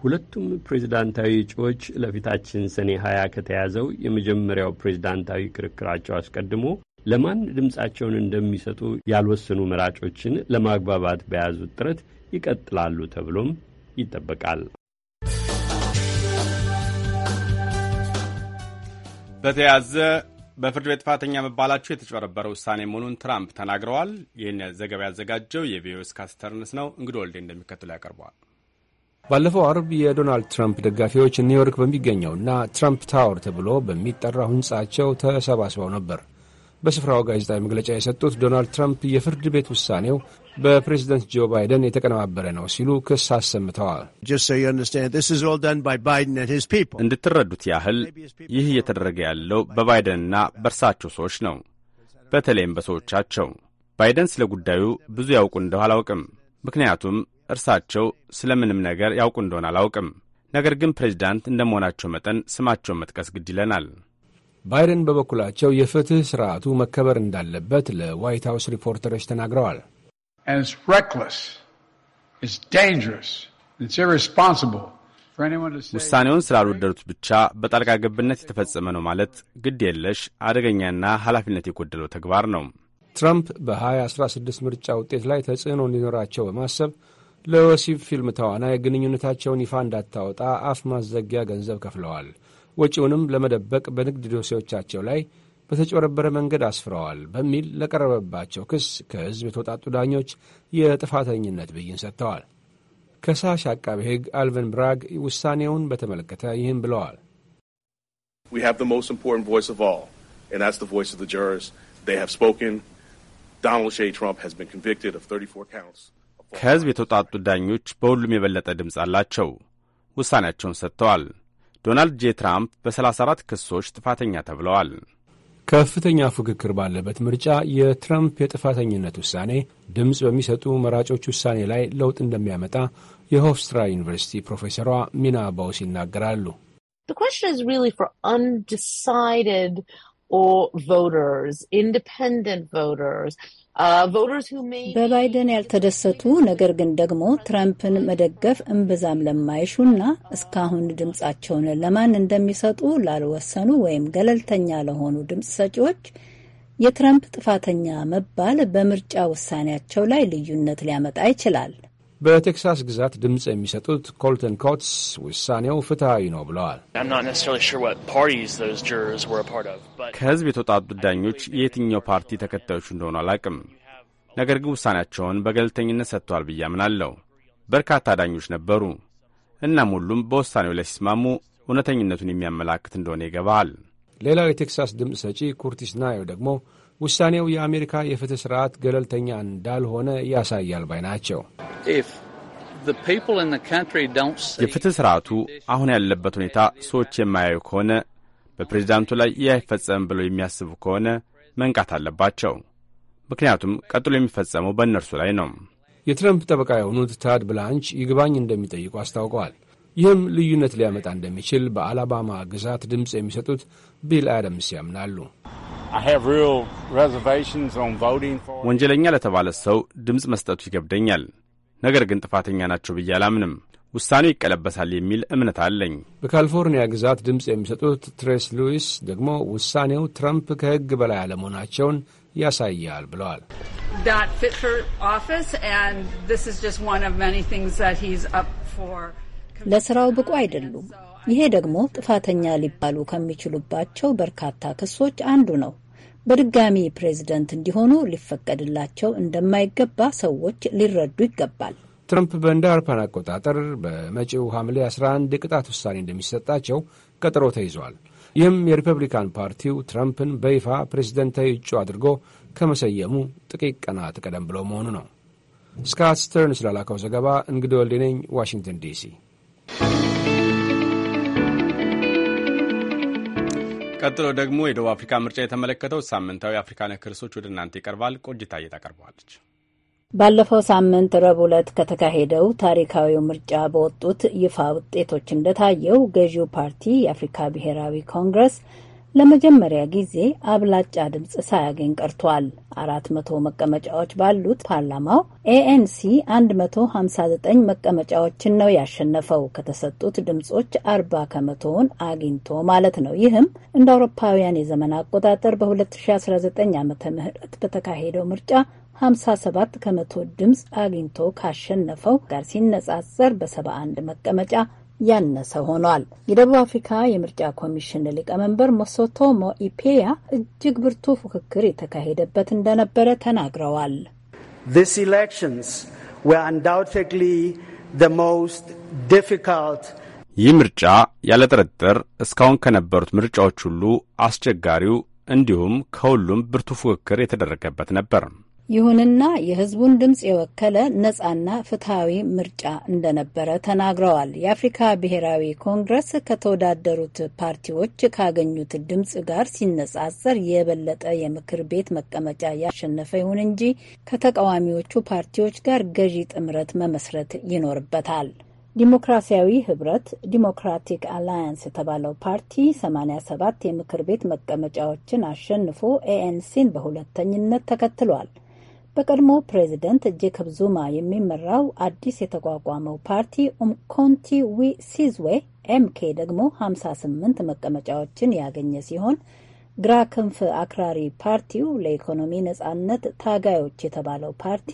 Speaker 13: ሁለቱም
Speaker 11: ፕሬዝዳንታዊ እጩዎች ለፊታችን ሰኔ 20 ከተያዘው የመጀመሪያው ፕሬዝዳንታዊ ክርክራቸው አስቀድሞ ለማን ድምፃቸውን እንደሚሰጡ ያልወሰኑ መራጮችን ለማግባባት በያዙት ጥረት ይቀጥላሉ ተብሎም ይጠበቃል። በተያዘ
Speaker 1: በፍርድ ቤት ጥፋተኛ መባላቸው የተጨረበረ ውሳኔ መሆኑን ትራምፕ ተናግረዋል። ይህን ዘገባ ያዘጋጀው የቪኦኤ ካስተርንስ ነው። እንግዶ ወልዴ እንደሚከተሉ ያቀርበዋል።
Speaker 12: ባለፈው አርብ የዶናልድ ትራምፕ ደጋፊዎች ኒውዮርክ በሚገኘውና ትራምፕ ታወር ተብሎ በሚጠራው ሕንጻቸው ተሰባስበው ነበር። በስፍራው ጋዜጣዊ መግለጫ የሰጡት ዶናልድ ትራምፕ የፍርድ ቤት ውሳኔው በፕሬዝደንት ጆ ባይደን የተቀነባበረ ነው ሲሉ ክስ አሰምተዋል።
Speaker 1: እንድትረዱት ያህል ይህ እየተደረገ ያለው በባይደንና በእርሳቸው ሰዎች ነው፣ በተለይም በሰዎቻቸው። ባይደን ስለ ጉዳዩ ብዙ ያውቁ እንደሁ አላውቅም፣ ምክንያቱም እርሳቸው ስለ ምንም ነገር ያውቁ እንደሆን አላውቅም። ነገር ግን ፕሬዚዳንት እንደመሆናቸው መጠን ስማቸውን መጥቀስ ግድ ይለናል።
Speaker 12: ባይደን በበኩላቸው የፍትህ ስርዓቱ መከበር እንዳለበት ለዋይት ሀውስ ሪፖርተሮች ተናግረዋል።
Speaker 1: ውሳኔውን ስላልወደዱት ብቻ በጣልቃ ገብነት የተፈጸመ ነው ማለት ግድ የለሽ አደገኛና ኃላፊነት የጎደለው ተግባር ነው።
Speaker 12: ትራምፕ በ2016 ምርጫ ውጤት ላይ ተጽዕኖ እንዲኖራቸው በማሰብ ለወሲብ ፊልም ተዋናይ ግንኙነታቸውን ይፋ እንዳታወጣ አፍ ማዘጊያ ገንዘብ ከፍለዋል። ወጪውንም ለመደበቅ በንግድ ዶሴዎቻቸው ላይ በተጨረበረ መንገድ አስፍረዋል በሚል ለቀረበባቸው ክስ ከሕዝብ የተውጣጡ ዳኞች የጥፋተኝነት ብይን ሰጥተዋል። ከሳሽ አቃቢ ሕግ አልቨን ብራግ ውሳኔውን በተመለከተ ይህም ብለዋል።
Speaker 1: ከሕዝብ የተውጣጡ ዳኞች በሁሉም የበለጠ ድምፅ አላቸው። ውሳኔያቸውን ሰጥተዋል። ዶናልድ ጄ ትራምፕ በ34 ክሶች ጥፋተኛ ተብለዋል።
Speaker 12: ከፍተኛ ፉክክር ባለበት ምርጫ የትራምፕ የጥፋተኝነት ውሳኔ ድምፅ በሚሰጡ መራጮች ውሳኔ ላይ ለውጥ እንደሚያመጣ የሆፍስትራ ዩኒቨርሲቲ ፕሮፌሰሯ ሚና ባውስ ይናገራሉ።
Speaker 13: በባይደን
Speaker 14: ያልተደሰቱ ነገር ግን ደግሞ ትራምፕን መደገፍ እምብዛም ለማይሹና እስካሁን ድምጻቸውን ለማን እንደሚሰጡ ላልወሰኑ ወይም ገለልተኛ ለሆኑ ድምፅ ሰጪዎች የትራምፕ ጥፋተኛ መባል በምርጫ ውሳኔያቸው ላይ ልዩነት ሊያመጣ ይችላል።
Speaker 12: በቴክሳስ ግዛት ድምፅ የሚሰጡት ኮልተን ኮትስ ውሳኔው ፍትሐዊ ነው ብለዋል። ከህዝብ
Speaker 1: የተውጣጡት ዳኞች የየትኛው ፓርቲ ተከታዮች እንደሆኑ አላቅም፣ ነገር ግን ውሳኔያቸውን በገለልተኝነት ሰጥተዋል ብዬ አምናለሁ። በርካታ ዳኞች ነበሩ፣ እናም ሁሉም በውሳኔው ላይ ሲስማሙ እውነተኝነቱን የሚያመላክት እንደሆነ ይገባሃል።
Speaker 12: ሌላው የቴክሳስ ድምፅ ሰጪ ኩርቲስ ናዮ ደግሞ ውሳኔው የአሜሪካ የፍትሕ ሥርዓት ገለልተኛ እንዳልሆነ ያሳያል ባይ ናቸው። የፍትሕ ሥርዓቱ
Speaker 1: አሁን ያለበት ሁኔታ ሰዎች የማያዩ ከሆነ በፕሬዚዳንቱ ላይ ይህ አይፈጸም ብለው የሚያስቡ ከሆነ መንቃት አለባቸው። ምክንያቱም ቀጥሎ የሚፈጸመው በእነርሱ ላይ ነው።
Speaker 12: የትረምፕ ጠበቃ የሆኑት ታድ ብላንች ይግባኝ እንደሚጠይቁ አስታውቀዋል። ይህም ልዩነት ሊያመጣ እንደሚችል በአላባማ ግዛት ድምፅ የሚሰጡት ቢል አደምስ ያምናሉ።
Speaker 1: ወንጀለኛ ለተባለ ሰው ድምፅ መስጠቱ ይከብደኛል። ነገር ግን ጥፋተኛ ናቸው ብዬ አላምንም። ውሳኔው ይቀለበሳል የሚል እምነት
Speaker 12: አለኝ። በካሊፎርኒያ ግዛት ድምፅ የሚሰጡት ትሬስ ሉዊስ ደግሞ ውሳኔው ትራምፕ ከሕግ በላይ አለመሆናቸውን ያሳያል ብለዋል።
Speaker 14: ለስራው ብቁ አይደሉም። ይሄ ደግሞ ጥፋተኛ ሊባሉ ከሚችሉባቸው በርካታ ክሶች አንዱ ነው። በድጋሚ ፕሬዝደንት እንዲሆኑ ሊፈቀድላቸው እንደማይገባ ሰዎች ሊረዱ ይገባል።
Speaker 12: ትራምፕ በእንደ አውሮፓውያን አቆጣጠር በመጪው ሐምሌ 11 የቅጣት ውሳኔ እንደሚሰጣቸው ቀጠሮ ተይዟል። ይህም የሪፐብሊካን ፓርቲው ትራምፕን በይፋ ፕሬዝደንታዊ እጩ አድርጎ ከመሰየሙ ጥቂት ቀናት ቀደም ብሎ መሆኑ ነው። ስካት ስተርን ስላላከው ዘገባ እንግዶ ወልዴ ነኝ ዋሽንግተን ዲሲ።
Speaker 1: ቀጥሎ ደግሞ የደቡብ አፍሪካ ምርጫ የተመለከተው ሳምንታዊ አፍሪካ ነክ ርዕሶች ወደ እናንተ ይቀርባል። ቆጅታ እየታቀርበዋለች።
Speaker 14: ባለፈው ሳምንት ረቡዕ ዕለት ከተካሄደው ታሪካዊው ምርጫ በወጡት ይፋ ውጤቶች እንደታየው ገዢው ፓርቲ የአፍሪካ ብሔራዊ ኮንግረስ ለመጀመሪያ ጊዜ አብላጫ ድምፅ ሳያገኝ ቀርቷል። አራት መቶ መቀመጫዎች ባሉት ፓርላማው ኤኤንሲ 159 መቀመጫዎችን ነው ያሸነፈው። ከተሰጡት ድምፆች አርባ ከመቶውን አግኝቶ ማለት ነው። ይህም እንደ አውሮፓውያን የዘመን አቆጣጠር በ2019 ዓ ምህረት በተካሄደው ምርጫ 57 ከመቶ ድምፅ አግኝቶ ካሸነፈው ጋር ሲነጻጸር በ71 መቀመጫ ያነሰ ሆኗል። የደቡብ አፍሪካ የምርጫ ኮሚሽን ሊቀመንበር ሞሶቶ ሞኢፔያ እጅግ ብርቱ ፉክክር የተካሄደበት እንደነበረ ተናግረዋል።
Speaker 1: ይህ ምርጫ ያለ ጥርጥር እስካሁን ከነበሩት ምርጫዎች ሁሉ አስቸጋሪው እንዲሁም ከሁሉም ብርቱ ፉክክር የተደረገበት ነበር።
Speaker 14: ይሁንና የሕዝቡን ድምፅ የወከለ ነፃና ፍትሐዊ ምርጫ እንደነበረ ተናግረዋል። የአፍሪካ ብሔራዊ ኮንግረስ ከተወዳደሩት ፓርቲዎች ካገኙት ድምፅ ጋር ሲነጻጸር የበለጠ የምክር ቤት መቀመጫ ያሸነፈ ይሁን እንጂ ከተቃዋሚዎቹ ፓርቲዎች ጋር ገዢ ጥምረት መመስረት ይኖርበታል። ዲሞክራሲያዊ ህብረት ዲሞክራቲክ አላያንስ የተባለው ፓርቲ 87 የምክር ቤት መቀመጫዎችን አሸንፎ ኤኤንሲን በሁለተኝነት ተከትሏል። በቀድሞ ፕሬዚደንት ጄኮብ ዙማ የሚመራው አዲስ የተቋቋመው ፓርቲ ኡምኮንቲ ዊ ሲዝዌ ኤምኬ ደግሞ 58 መቀመጫዎችን ያገኘ ሲሆን ግራ ክንፍ አክራሪ ፓርቲው ለኢኮኖሚ ነጻነት ታጋዮች የተባለው ፓርቲ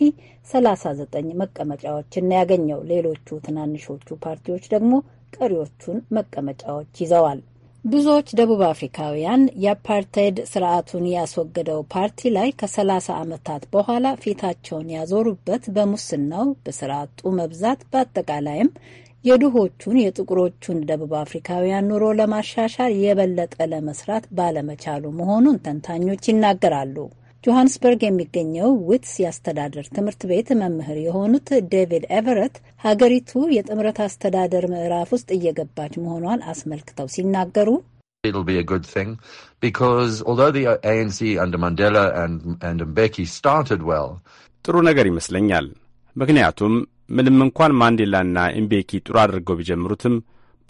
Speaker 14: 39 መቀመጫዎችን ያገኘው። ሌሎቹ ትናንሾቹ ፓርቲዎች ደግሞ ቀሪዎቹን መቀመጫዎች ይዘዋል። ብዙዎች ደቡብ አፍሪካውያን የአፓርታይድ ስርዓቱን ያስወገደው ፓርቲ ላይ ከሰላሳ ዓመታት በኋላ ፊታቸውን ያዞሩበት በሙስናው፣ በስርዓቱ መብዛት፣ በአጠቃላይም የድሆቹን የጥቁሮቹን ደቡብ አፍሪካውያን ኑሮ ለማሻሻል የበለጠ ለመስራት ባለመቻሉ መሆኑን ተንታኞች ይናገራሉ። ጆሃንስበርግ የሚገኘው ዊትስ የአስተዳደር ትምህርት ቤት መምህር የሆኑት ዴቪድ ኤቨረት ሀገሪቱ የጥምረት አስተዳደር ምዕራፍ ውስጥ እየገባች መሆኗን አስመልክተው ሲናገሩ
Speaker 7: It'll be a good thing because although the
Speaker 1: ANC under Mandela and, and Mbeki started well, ጥሩ ነገር ይመስለኛል። ምክንያቱም ምንም እንኳን ማንዴላና ኢምቤኪ ጥሩ አድርገው ቢጀምሩትም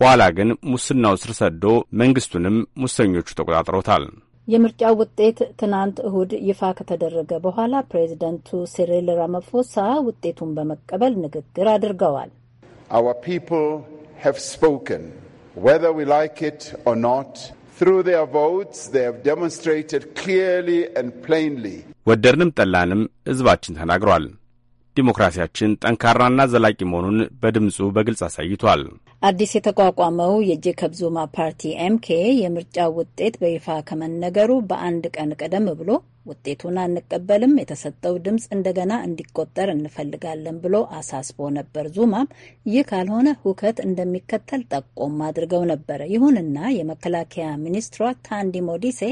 Speaker 1: በኋላ ግን ሙስናው ስር ሰዶ መንግስቱንም ሙሰኞቹ ተቆጣጥረውታል።
Speaker 14: የምርጫው ውጤት ትናንት እሁድ ይፋ ከተደረገ በኋላ ፕሬዚደንቱ ሲሪል ራመፎሳ ውጤቱን በመቀበል ንግግር አድርገዋል።
Speaker 1: ወደድንም ጠላንም ሕዝባችን ተናግሯል። ዲሞክራሲያችን ጠንካራና ዘላቂ መሆኑን በድምፁ በግልጽ አሳይቷል።
Speaker 14: አዲስ የተቋቋመው የጄከብ ዙማ ፓርቲ ኤምኬ የምርጫ ውጤት በይፋ ከመነገሩ በአንድ ቀን ቀደም ብሎ ውጤቱን አንቀበልም፣ የተሰጠው ድምፅ እንደገና እንዲቆጠር እንፈልጋለን ብሎ አሳስቦ ነበር። ዙማም ይህ ካልሆነ ሁከት እንደሚከተል ጠቆም አድርገው ነበር። ይሁንና የመከላከያ ሚኒስትሯ ታንዲ ሞዲሴ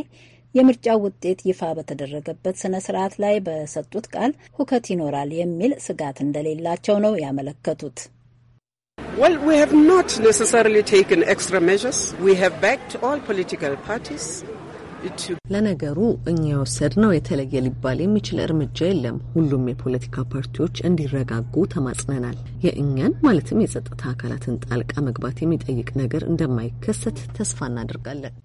Speaker 14: የምርጫው ውጤት ይፋ በተደረገበት ስነ ስርዓት ላይ በሰጡት ቃል ሁከት ይኖራል የሚል ስጋት እንደሌላቸው ነው ያመለከቱት።
Speaker 13: ለነገሩ እኛ የወሰድነው የተለየ ሊባል የሚችል እርምጃ የለም። ሁሉም የፖለቲካ ፓርቲዎች እንዲረጋጉ ተማጽነናል። የእኛን ማለትም የጸጥታ አካላትን ጣልቃ መግባት የሚጠይቅ ነገር እንደማይከሰት ተስፋ እናደርጋለን።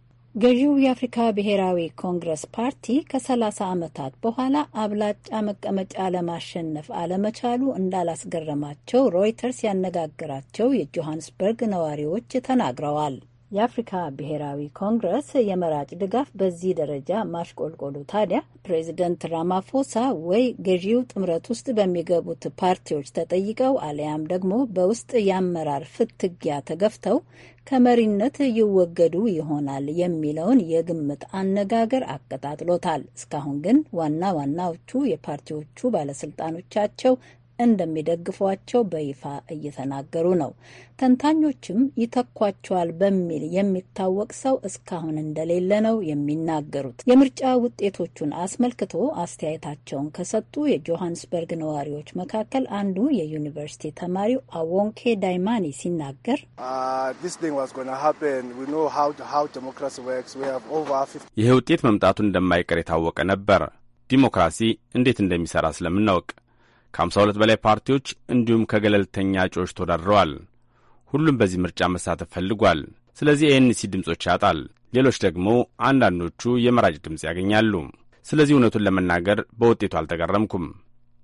Speaker 14: ገዢው የአፍሪካ ብሔራዊ ኮንግረስ ፓርቲ ከ30 ዓመታት በኋላ አብላጫ መቀመጫ ለማሸነፍ አለመቻሉ እንዳላስገረማቸው ሮይተርስ ያነጋገራቸው የጆሃንስበርግ ነዋሪዎች ተናግረዋል። የአፍሪካ ብሔራዊ ኮንግረስ የመራጭ ድጋፍ በዚህ ደረጃ ማሽቆልቆሉ ታዲያ ፕሬዚደንት ራማፎሳ ወይ ገዢው ጥምረት ውስጥ በሚገቡት ፓርቲዎች ተጠይቀው አሊያም ደግሞ በውስጥ የአመራር ፍትጊያ ተገፍተው ከመሪነት ይወገዱ ይሆናል የሚለውን የግምት አነጋገር አቀጣጥሎታል። እስካሁን ግን ዋና ዋናዎቹ የፓርቲዎቹ ባለስልጣኖቻቸው እንደሚደግፏቸው በይፋ እየተናገሩ ነው። ተንታኞችም ይተኳቸዋል በሚል የሚታወቅ ሰው እስካሁን እንደሌለ ነው የሚናገሩት። የምርጫ ውጤቶቹን አስመልክቶ አስተያየታቸውን ከሰጡ የጆሃንስበርግ ነዋሪዎች መካከል አንዱ የዩኒቨርሲቲ ተማሪው አዎንኬ ዳይማኒ ሲናገር
Speaker 1: ይህ ውጤት መምጣቱን እንደማይቀር የታወቀ ነበር። ዲሞክራሲ እንዴት እንደሚሰራ ስለምናውቅ ከ ሁለት በላይ ፓርቲዎች እንዲሁም ከገለልተኛ እጩዎች ተወዳድረዋል። ሁሉም በዚህ ምርጫ መሳተፍ ፈልጓል። ስለዚህ ኤንሲ ድምፆች ያጣል። ሌሎች ደግሞ አንዳንዶቹ የመራጭ ድምፅ ያገኛሉ። ስለዚህ እውነቱን ለመናገር በውጤቱ አልተገረምኩም።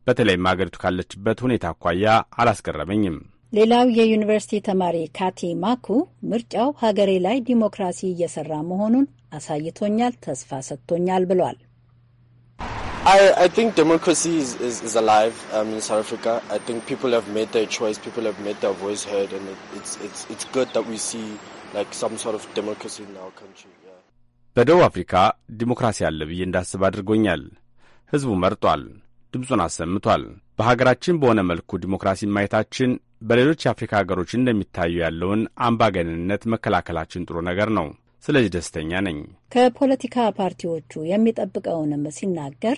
Speaker 1: በተለይም አገሪቱ ካለችበት ሁኔታ አኳያ አላስገረመኝም።
Speaker 14: ሌላው የዩኒቨርሲቲ ተማሪ ካቲ ማኩ ምርጫው ሀገሬ ላይ ዲሞክራሲ እየሰራ መሆኑን አሳይቶኛል፣ ተስፋ ሰጥቶኛል ብሏል።
Speaker 2: I, I think democracy is, is, is alive um, in South Africa. I think people have made their choice, people have made their voice heard, and it, it's, it's, it's good that we see like some sort of democracy in our country. Yeah.
Speaker 1: በደቡብ አፍሪካ ዲሞክራሲ አለ ብዬ እንዳስብ አድርጎኛል። ህዝቡ መርጧል፣ ድምፁን አሰምቷል። በሀገራችን በሆነ መልኩ ዲሞክራሲ ማየታችን በሌሎች የአፍሪካ ሀገሮች እንደሚታዩ ያለውን አምባገነንነት መከላከላችን ጥሩ ነገር ነው። ስለዚህ ደስተኛ ነኝ።
Speaker 14: ከፖለቲካ ፓርቲዎቹ የሚጠብቀውንም ሲናገር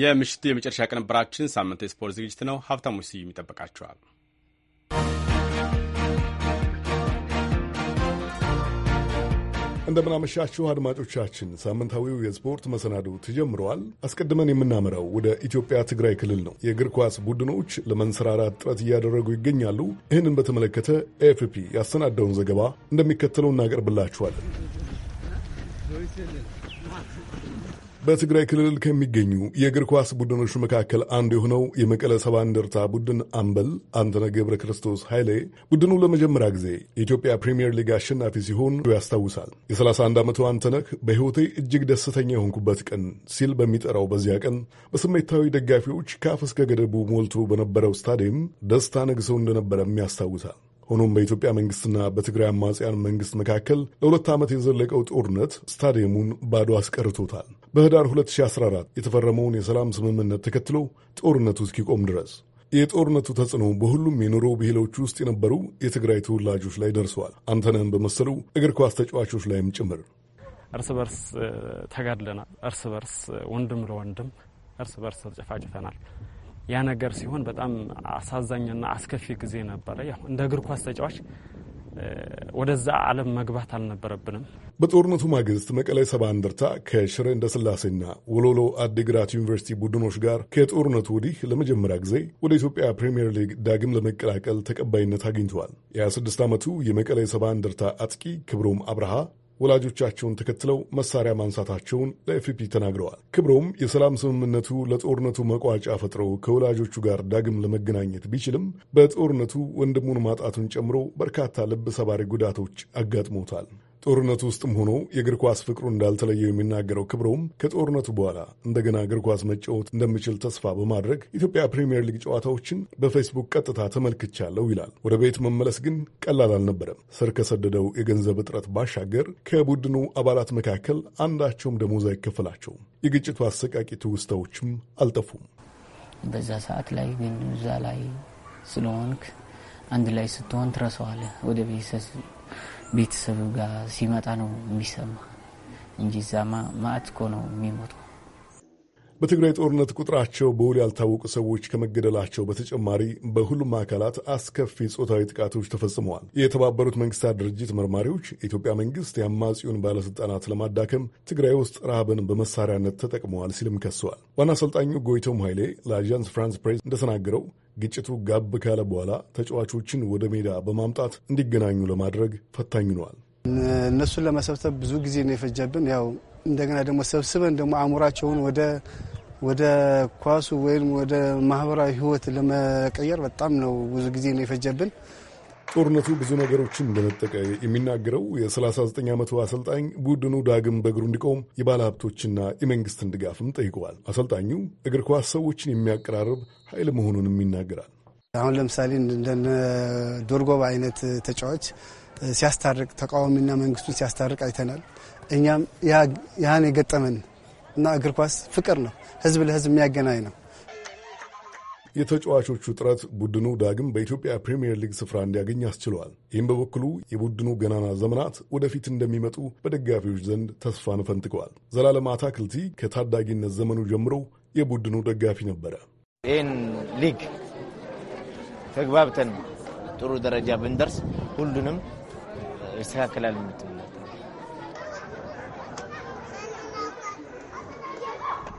Speaker 1: የምሽቱ የመጨረሻ ቅንብራችን ሳምንት የስፖርት ዝግጅት ነው። ሀብታሙ ስዩም ይጠበቃችኋል።
Speaker 15: እንደምናመሻችሁ አድማጮቻችን፣ ሳምንታዊው የስፖርት መሰናዶ ተጀምረዋል። አስቀድመን የምናመራው ወደ ኢትዮጵያ ትግራይ ክልል ነው። የእግር ኳስ ቡድኖች ለመንሰራራት ጥረት እያደረጉ ይገኛሉ። ይህንን በተመለከተ ኤፍፒ ያሰናዳውን ዘገባ እንደሚከተለው እናቀርብላችኋለን። በትግራይ ክልል ከሚገኙ የእግር ኳስ ቡድኖች መካከል አንዱ የሆነው የመቀለ ሰባ እንደርታ ቡድን አምበል አንተነ ገብረ ክርስቶስ ኃይሌ ቡድኑ ለመጀመሪያ ጊዜ የኢትዮጵያ ፕሪምየር ሊግ አሸናፊ ሲሆን ያስታውሳል። የ31 ዓመቱ አንተነህ በሕይወቴ እጅግ ደስተኛ የሆንኩበት ቀን ሲል በሚጠራው በዚያ ቀን በስሜታዊ ደጋፊዎች ከአፍ እስከ ገደቡ ሞልቶ በነበረው ስታዲየም ደስታ ነግሰው እንደነበረም ያስታውሳል። ሆኖም በኢትዮጵያ መንግስትና በትግራይ አማጽያን መንግስት መካከል ለሁለት ዓመት የዘለቀው ጦርነት ስታዲየሙን ባዶ አስቀርቶታል። በህዳር 2014 የተፈረመውን የሰላም ስምምነት ተከትሎ ጦርነቱ እስኪቆም ድረስ የጦርነቱ ተጽዕኖ በሁሉም የኑሮ ብሔሎች ውስጥ የነበሩ የትግራይ ተወላጆች ላይ ደርሰዋል። አንተነህን በመሰሉ እግር ኳስ ተጫዋቾች ላይም ጭምር
Speaker 9: እርስ በርስ ተጋድለናል። እርስ በርስ ወንድም ለወንድም እርስ በርስ ተጨፋጭፈናል። ያ ነገር ሲሆን በጣም አሳዛኝና አስከፊ ጊዜ ነበረ። ያው እንደ እግር ኳስ ተጫዋች ወደዛ ዓለም መግባት አልነበረብንም።
Speaker 15: በጦርነቱ ማግስት መቀለ ሰባ እንደርታ ከሽረ ስላሴና ወሎሎ አዲግራት ዩኒቨርሲቲ ቡድኖች ጋር ከጦርነቱ ወዲህ ለመጀመሪያ ጊዜ ወደ ኢትዮጵያ ፕሪምየር ሊግ ዳግም ለመቀላቀል ተቀባይነት አግኝተዋል። የ26 ዓመቱ የመቀለ ሰባ እንደርታ አጥቂ ክብሮም አብርሃ ወላጆቻቸውን ተከትለው መሳሪያ ማንሳታቸውን ለኤፍፒ ተናግረዋል። ክብሮም የሰላም ስምምነቱ ለጦርነቱ መቋጫ ፈጥሮ ከወላጆቹ ጋር ዳግም ለመገናኘት ቢችልም በጦርነቱ ወንድሙን ማጣቱን ጨምሮ በርካታ ልብ ሰባሪ ጉዳቶች አጋጥሞታል። ጦርነቱ ውስጥም ሆኖ የእግር ኳስ ፍቅሩ እንዳልተለየው የሚናገረው ክብረውም ከጦርነቱ በኋላ እንደገና እግር ኳስ መጫወት እንደሚችል ተስፋ በማድረግ ኢትዮጵያ ፕሪምየር ሊግ ጨዋታዎችን በፌስቡክ ቀጥታ ተመልክቻለሁ ይላል። ወደ ቤት መመለስ ግን ቀላል አልነበረም። ስር ከሰደደው የገንዘብ እጥረት ባሻገር ከቡድኑ አባላት መካከል አንዳቸውም ደሞዝ አይከፈላቸውም። የግጭቱ አሰቃቂ ትውስታዎችም አልጠፉም። በዛ ሰዓት ላይ ግን እዛ ላይ ስለሆንክ አንድ ላይ
Speaker 9: ስትሆን ትረሳዋለህ ወደ ቤተሰብ ቤተሰቡ ጋር ሲመጣ ነው የሚሰማ እንጂ ዛማ ማዕት እኮ ነው የሚሞተው።
Speaker 15: በትግራይ ጦርነት ቁጥራቸው በውል ያልታወቁ ሰዎች ከመገደላቸው በተጨማሪ በሁሉም አካላት አስከፊ ጾታዊ ጥቃቶች ተፈጽመዋል። የተባበሩት መንግስታት ድርጅት መርማሪዎች የኢትዮጵያ መንግስት የአማጺውን ባለስልጣናት ለማዳከም ትግራይ ውስጥ ረሃብን በመሳሪያነት ተጠቅመዋል ሲልም ከሰዋል። ዋና አሰልጣኙ ጎይቶም ኃይሌ ለአዣንስ ፍራንስ ፕሬስ እንደተናገረው ግጭቱ ጋብ ካለ በኋላ ተጫዋቾችን ወደ ሜዳ በማምጣት እንዲገናኙ ለማድረግ ፈታኝ ነዋል።
Speaker 8: እነሱን ለመሰብሰብ ብዙ ጊዜ ነው የፈጀብን ያው እንደገና ደግሞ ሰብስበን ደግሞ አእምሯቸውን ወደ ወደ ኳሱ
Speaker 15: ወይም ወደ ማህበራዊ ህይወት ለመቀየር በጣም ነው ብዙ ጊዜ ነው የፈጀብን። ጦርነቱ ብዙ ነገሮችን እንደነጠቀ የሚናገረው የ39 ዓመቱ አሰልጣኝ ቡድኑ ዳግም በእግሩ እንዲቆም የባለ ሀብቶችና የመንግስትን ድጋፍም ጠይቀዋል። አሰልጣኙ እግር ኳስ ሰዎችን የሚያቀራርብ ኃይል መሆኑንም ይናገራል።
Speaker 6: አሁን ለምሳሌ እንደነ
Speaker 8: ዶርጎባ አይነት ተጫዋች ሲያስታርቅ፣ ተቃዋሚና መንግስቱን ሲያስታርቅ አይተናል። እኛም ያህን የገጠመን እና እግር ኳስ ፍቅር ነው፣ ህዝብ ለህዝብ የሚያገናኝ ነው።
Speaker 15: የተጫዋቾቹ ጥረት ቡድኑ ዳግም በኢትዮጵያ ፕሪምየር ሊግ ስፍራ እንዲያገኝ አስችለዋል። ይህም በበኩሉ የቡድኑ ገናና ዘመናት ወደፊት እንደሚመጡ በደጋፊዎች ዘንድ ተስፋን ፈንጥቀዋል። ዘላለም አታክልቲ ከታዳጊነት ዘመኑ ጀምሮ የቡድኑ ደጋፊ ነበረ።
Speaker 5: ይህን ሊግ ተግባብተን ጥሩ ደረጃ ብንደርስ ሁሉንም ይስተካከላል የምትል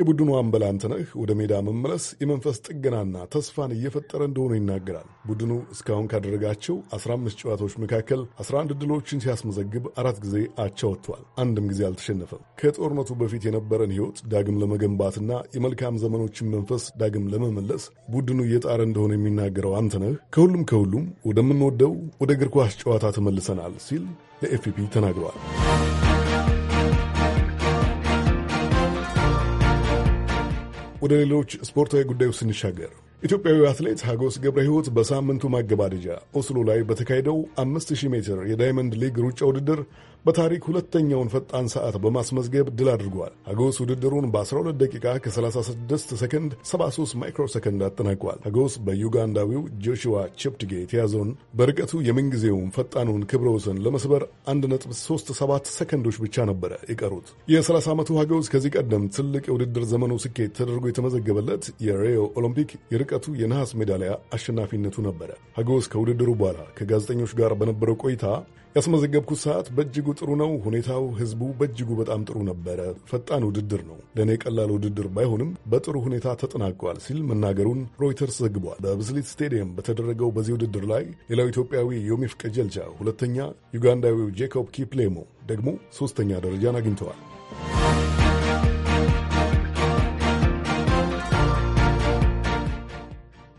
Speaker 15: የቡድኑ አምበል አንተነህ ወደ ሜዳ መመለስ የመንፈስ ጥገናና ተስፋን እየፈጠረ እንደሆነ ይናገራል። ቡድኑ እስካሁን ካደረጋቸው 15 ጨዋታዎች መካከል 11 ድሎችን ሲያስመዘግብ አራት ጊዜ አቻ ወጥቷል። አንድም ጊዜ አልተሸነፈም። ከጦርነቱ በፊት የነበረን ሕይወት ዳግም ለመገንባትና የመልካም ዘመኖችን መንፈስ ዳግም ለመመለስ ቡድኑ እየጣረ እንደሆነ የሚናገረው አንተነህ ከሁሉም ከሁሉም ወደምንወደው ወደ እግር ኳስ ጨዋታ ተመልሰናል ሲል ለኤፍፒ ተናግረዋል። ወደ ሌሎች ስፖርታዊ ጉዳዮች ስንሻገር ኢትዮጵያዊ አትሌት ሀጎስ ገብረ ሕይወት በሳምንቱ ማገባደጃ ኦስሎ ላይ በተካሄደው 5000 ሜትር የዳይመንድ ሊግ ሩጫ ውድድር በታሪክ ሁለተኛውን ፈጣን ሰዓት በማስመዝገብ ድል አድርጓል። ሀጎስ ውድድሩን በ12 ደቂቃ ከ36 ሰከንድ 73 ማይክሮ ሰከንድ አጠናቋል። ሀጎስ በዩጋንዳዊው ጆሽዋ ቼፕትጌ የተያዘውን በርቀቱ የምንጊዜውን ፈጣኑን ክብረ ወሰን ለመስበር 1.37 ሰከንዶች ብቻ ነበረ የቀሩት። የ30 ዓመቱ ሀጎስ ከዚህ ቀደም ትልቅ የውድድር ዘመኑ ስኬት ተደርጎ የተመዘገበለት የሪዮ ኦሎምፒክ የርቀቱ የነሐስ ሜዳሊያ አሸናፊነቱ ነበረ። ሀጎስ ከውድድሩ በኋላ ከጋዜጠኞች ጋር በነበረው ቆይታ ያስመዘገብኩት ሰዓት በእጅጉ ጥሩ ነው። ሁኔታው፣ ህዝቡ በእጅጉ በጣም ጥሩ ነበረ። ፈጣን ውድድር ነው። ለእኔ ቀላል ውድድር ባይሆንም በጥሩ ሁኔታ ተጠናቋል ሲል መናገሩን ሮይተርስ ዘግቧል። በብስሊት ስቴዲየም በተደረገው በዚህ ውድድር ላይ ሌላው ኢትዮጵያዊ ዮሚፍ ቀጀልቻ ሁለተኛ፣ ዩጋንዳዊው ጄኮብ ኪፕሌሞ ደግሞ ሦስተኛ ደረጃን አግኝተዋል።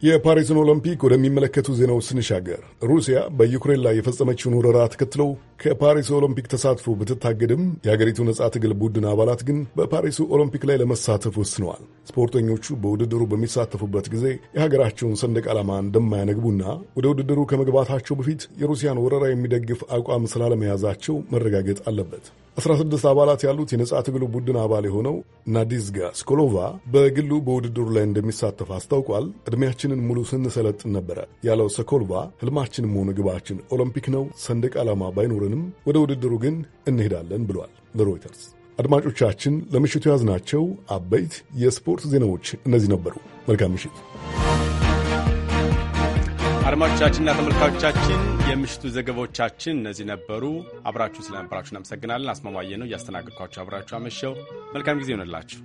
Speaker 15: የፓሪስን ኦሎምፒክ ወደሚመለከቱ ዜናዎች ስንሻገር ሩሲያ በዩክሬን ላይ የፈጸመችውን ወረራ ተከትለው ከፓሪስ ኦሎምፒክ ተሳትፎ ብትታገድም የአገሪቱ ነጻ ትግል ቡድን አባላት ግን በፓሪሱ ኦሎምፒክ ላይ ለመሳተፍ ወስነዋል። ስፖርተኞቹ በውድድሩ በሚሳተፉበት ጊዜ የሀገራቸውን ሰንደቅ ዓላማ እንደማያነግቡና ወደ ውድድሩ ከመግባታቸው በፊት የሩሲያን ወረራ የሚደግፍ አቋም ስላለመያዛቸው መረጋገጥ አለበት። 16 አባላት ያሉት የነጻ ትግሉ ቡድን አባል የሆነው ናዲዝጋ ስኮሎቫ በግሉ በውድድሩ ላይ እንደሚሳተፍ አስታውቋል። ዕድሜያችንን ሙሉ ስንሰለጥን ነበረ ያለው ሰኮልቫ ህልማችን መሆኑ ግባችን ኦሎምፒክ ነው። ሰንደቅ ዓላማ ባይኖረንም ወደ ውድድሩ ግን እንሄዳለን ብሏል ለሮይተርስ። አድማጮቻችን ለምሽቱ ያዝናቸው አበይት የስፖርት ዜናዎች እነዚህ ነበሩ። መልካም ምሽት።
Speaker 1: አድማጮቻችንና ተመልካቾቻችን የምሽቱ ዘገባዎቻችን እነዚህ ነበሩ። አብራችሁ ስለነበራችሁ እናመሰግናለን። አስማማየ ነው እያስተናገድኳችሁ አብራችሁ አመሸው። መልካም ጊዜ ይሆንላችሁ።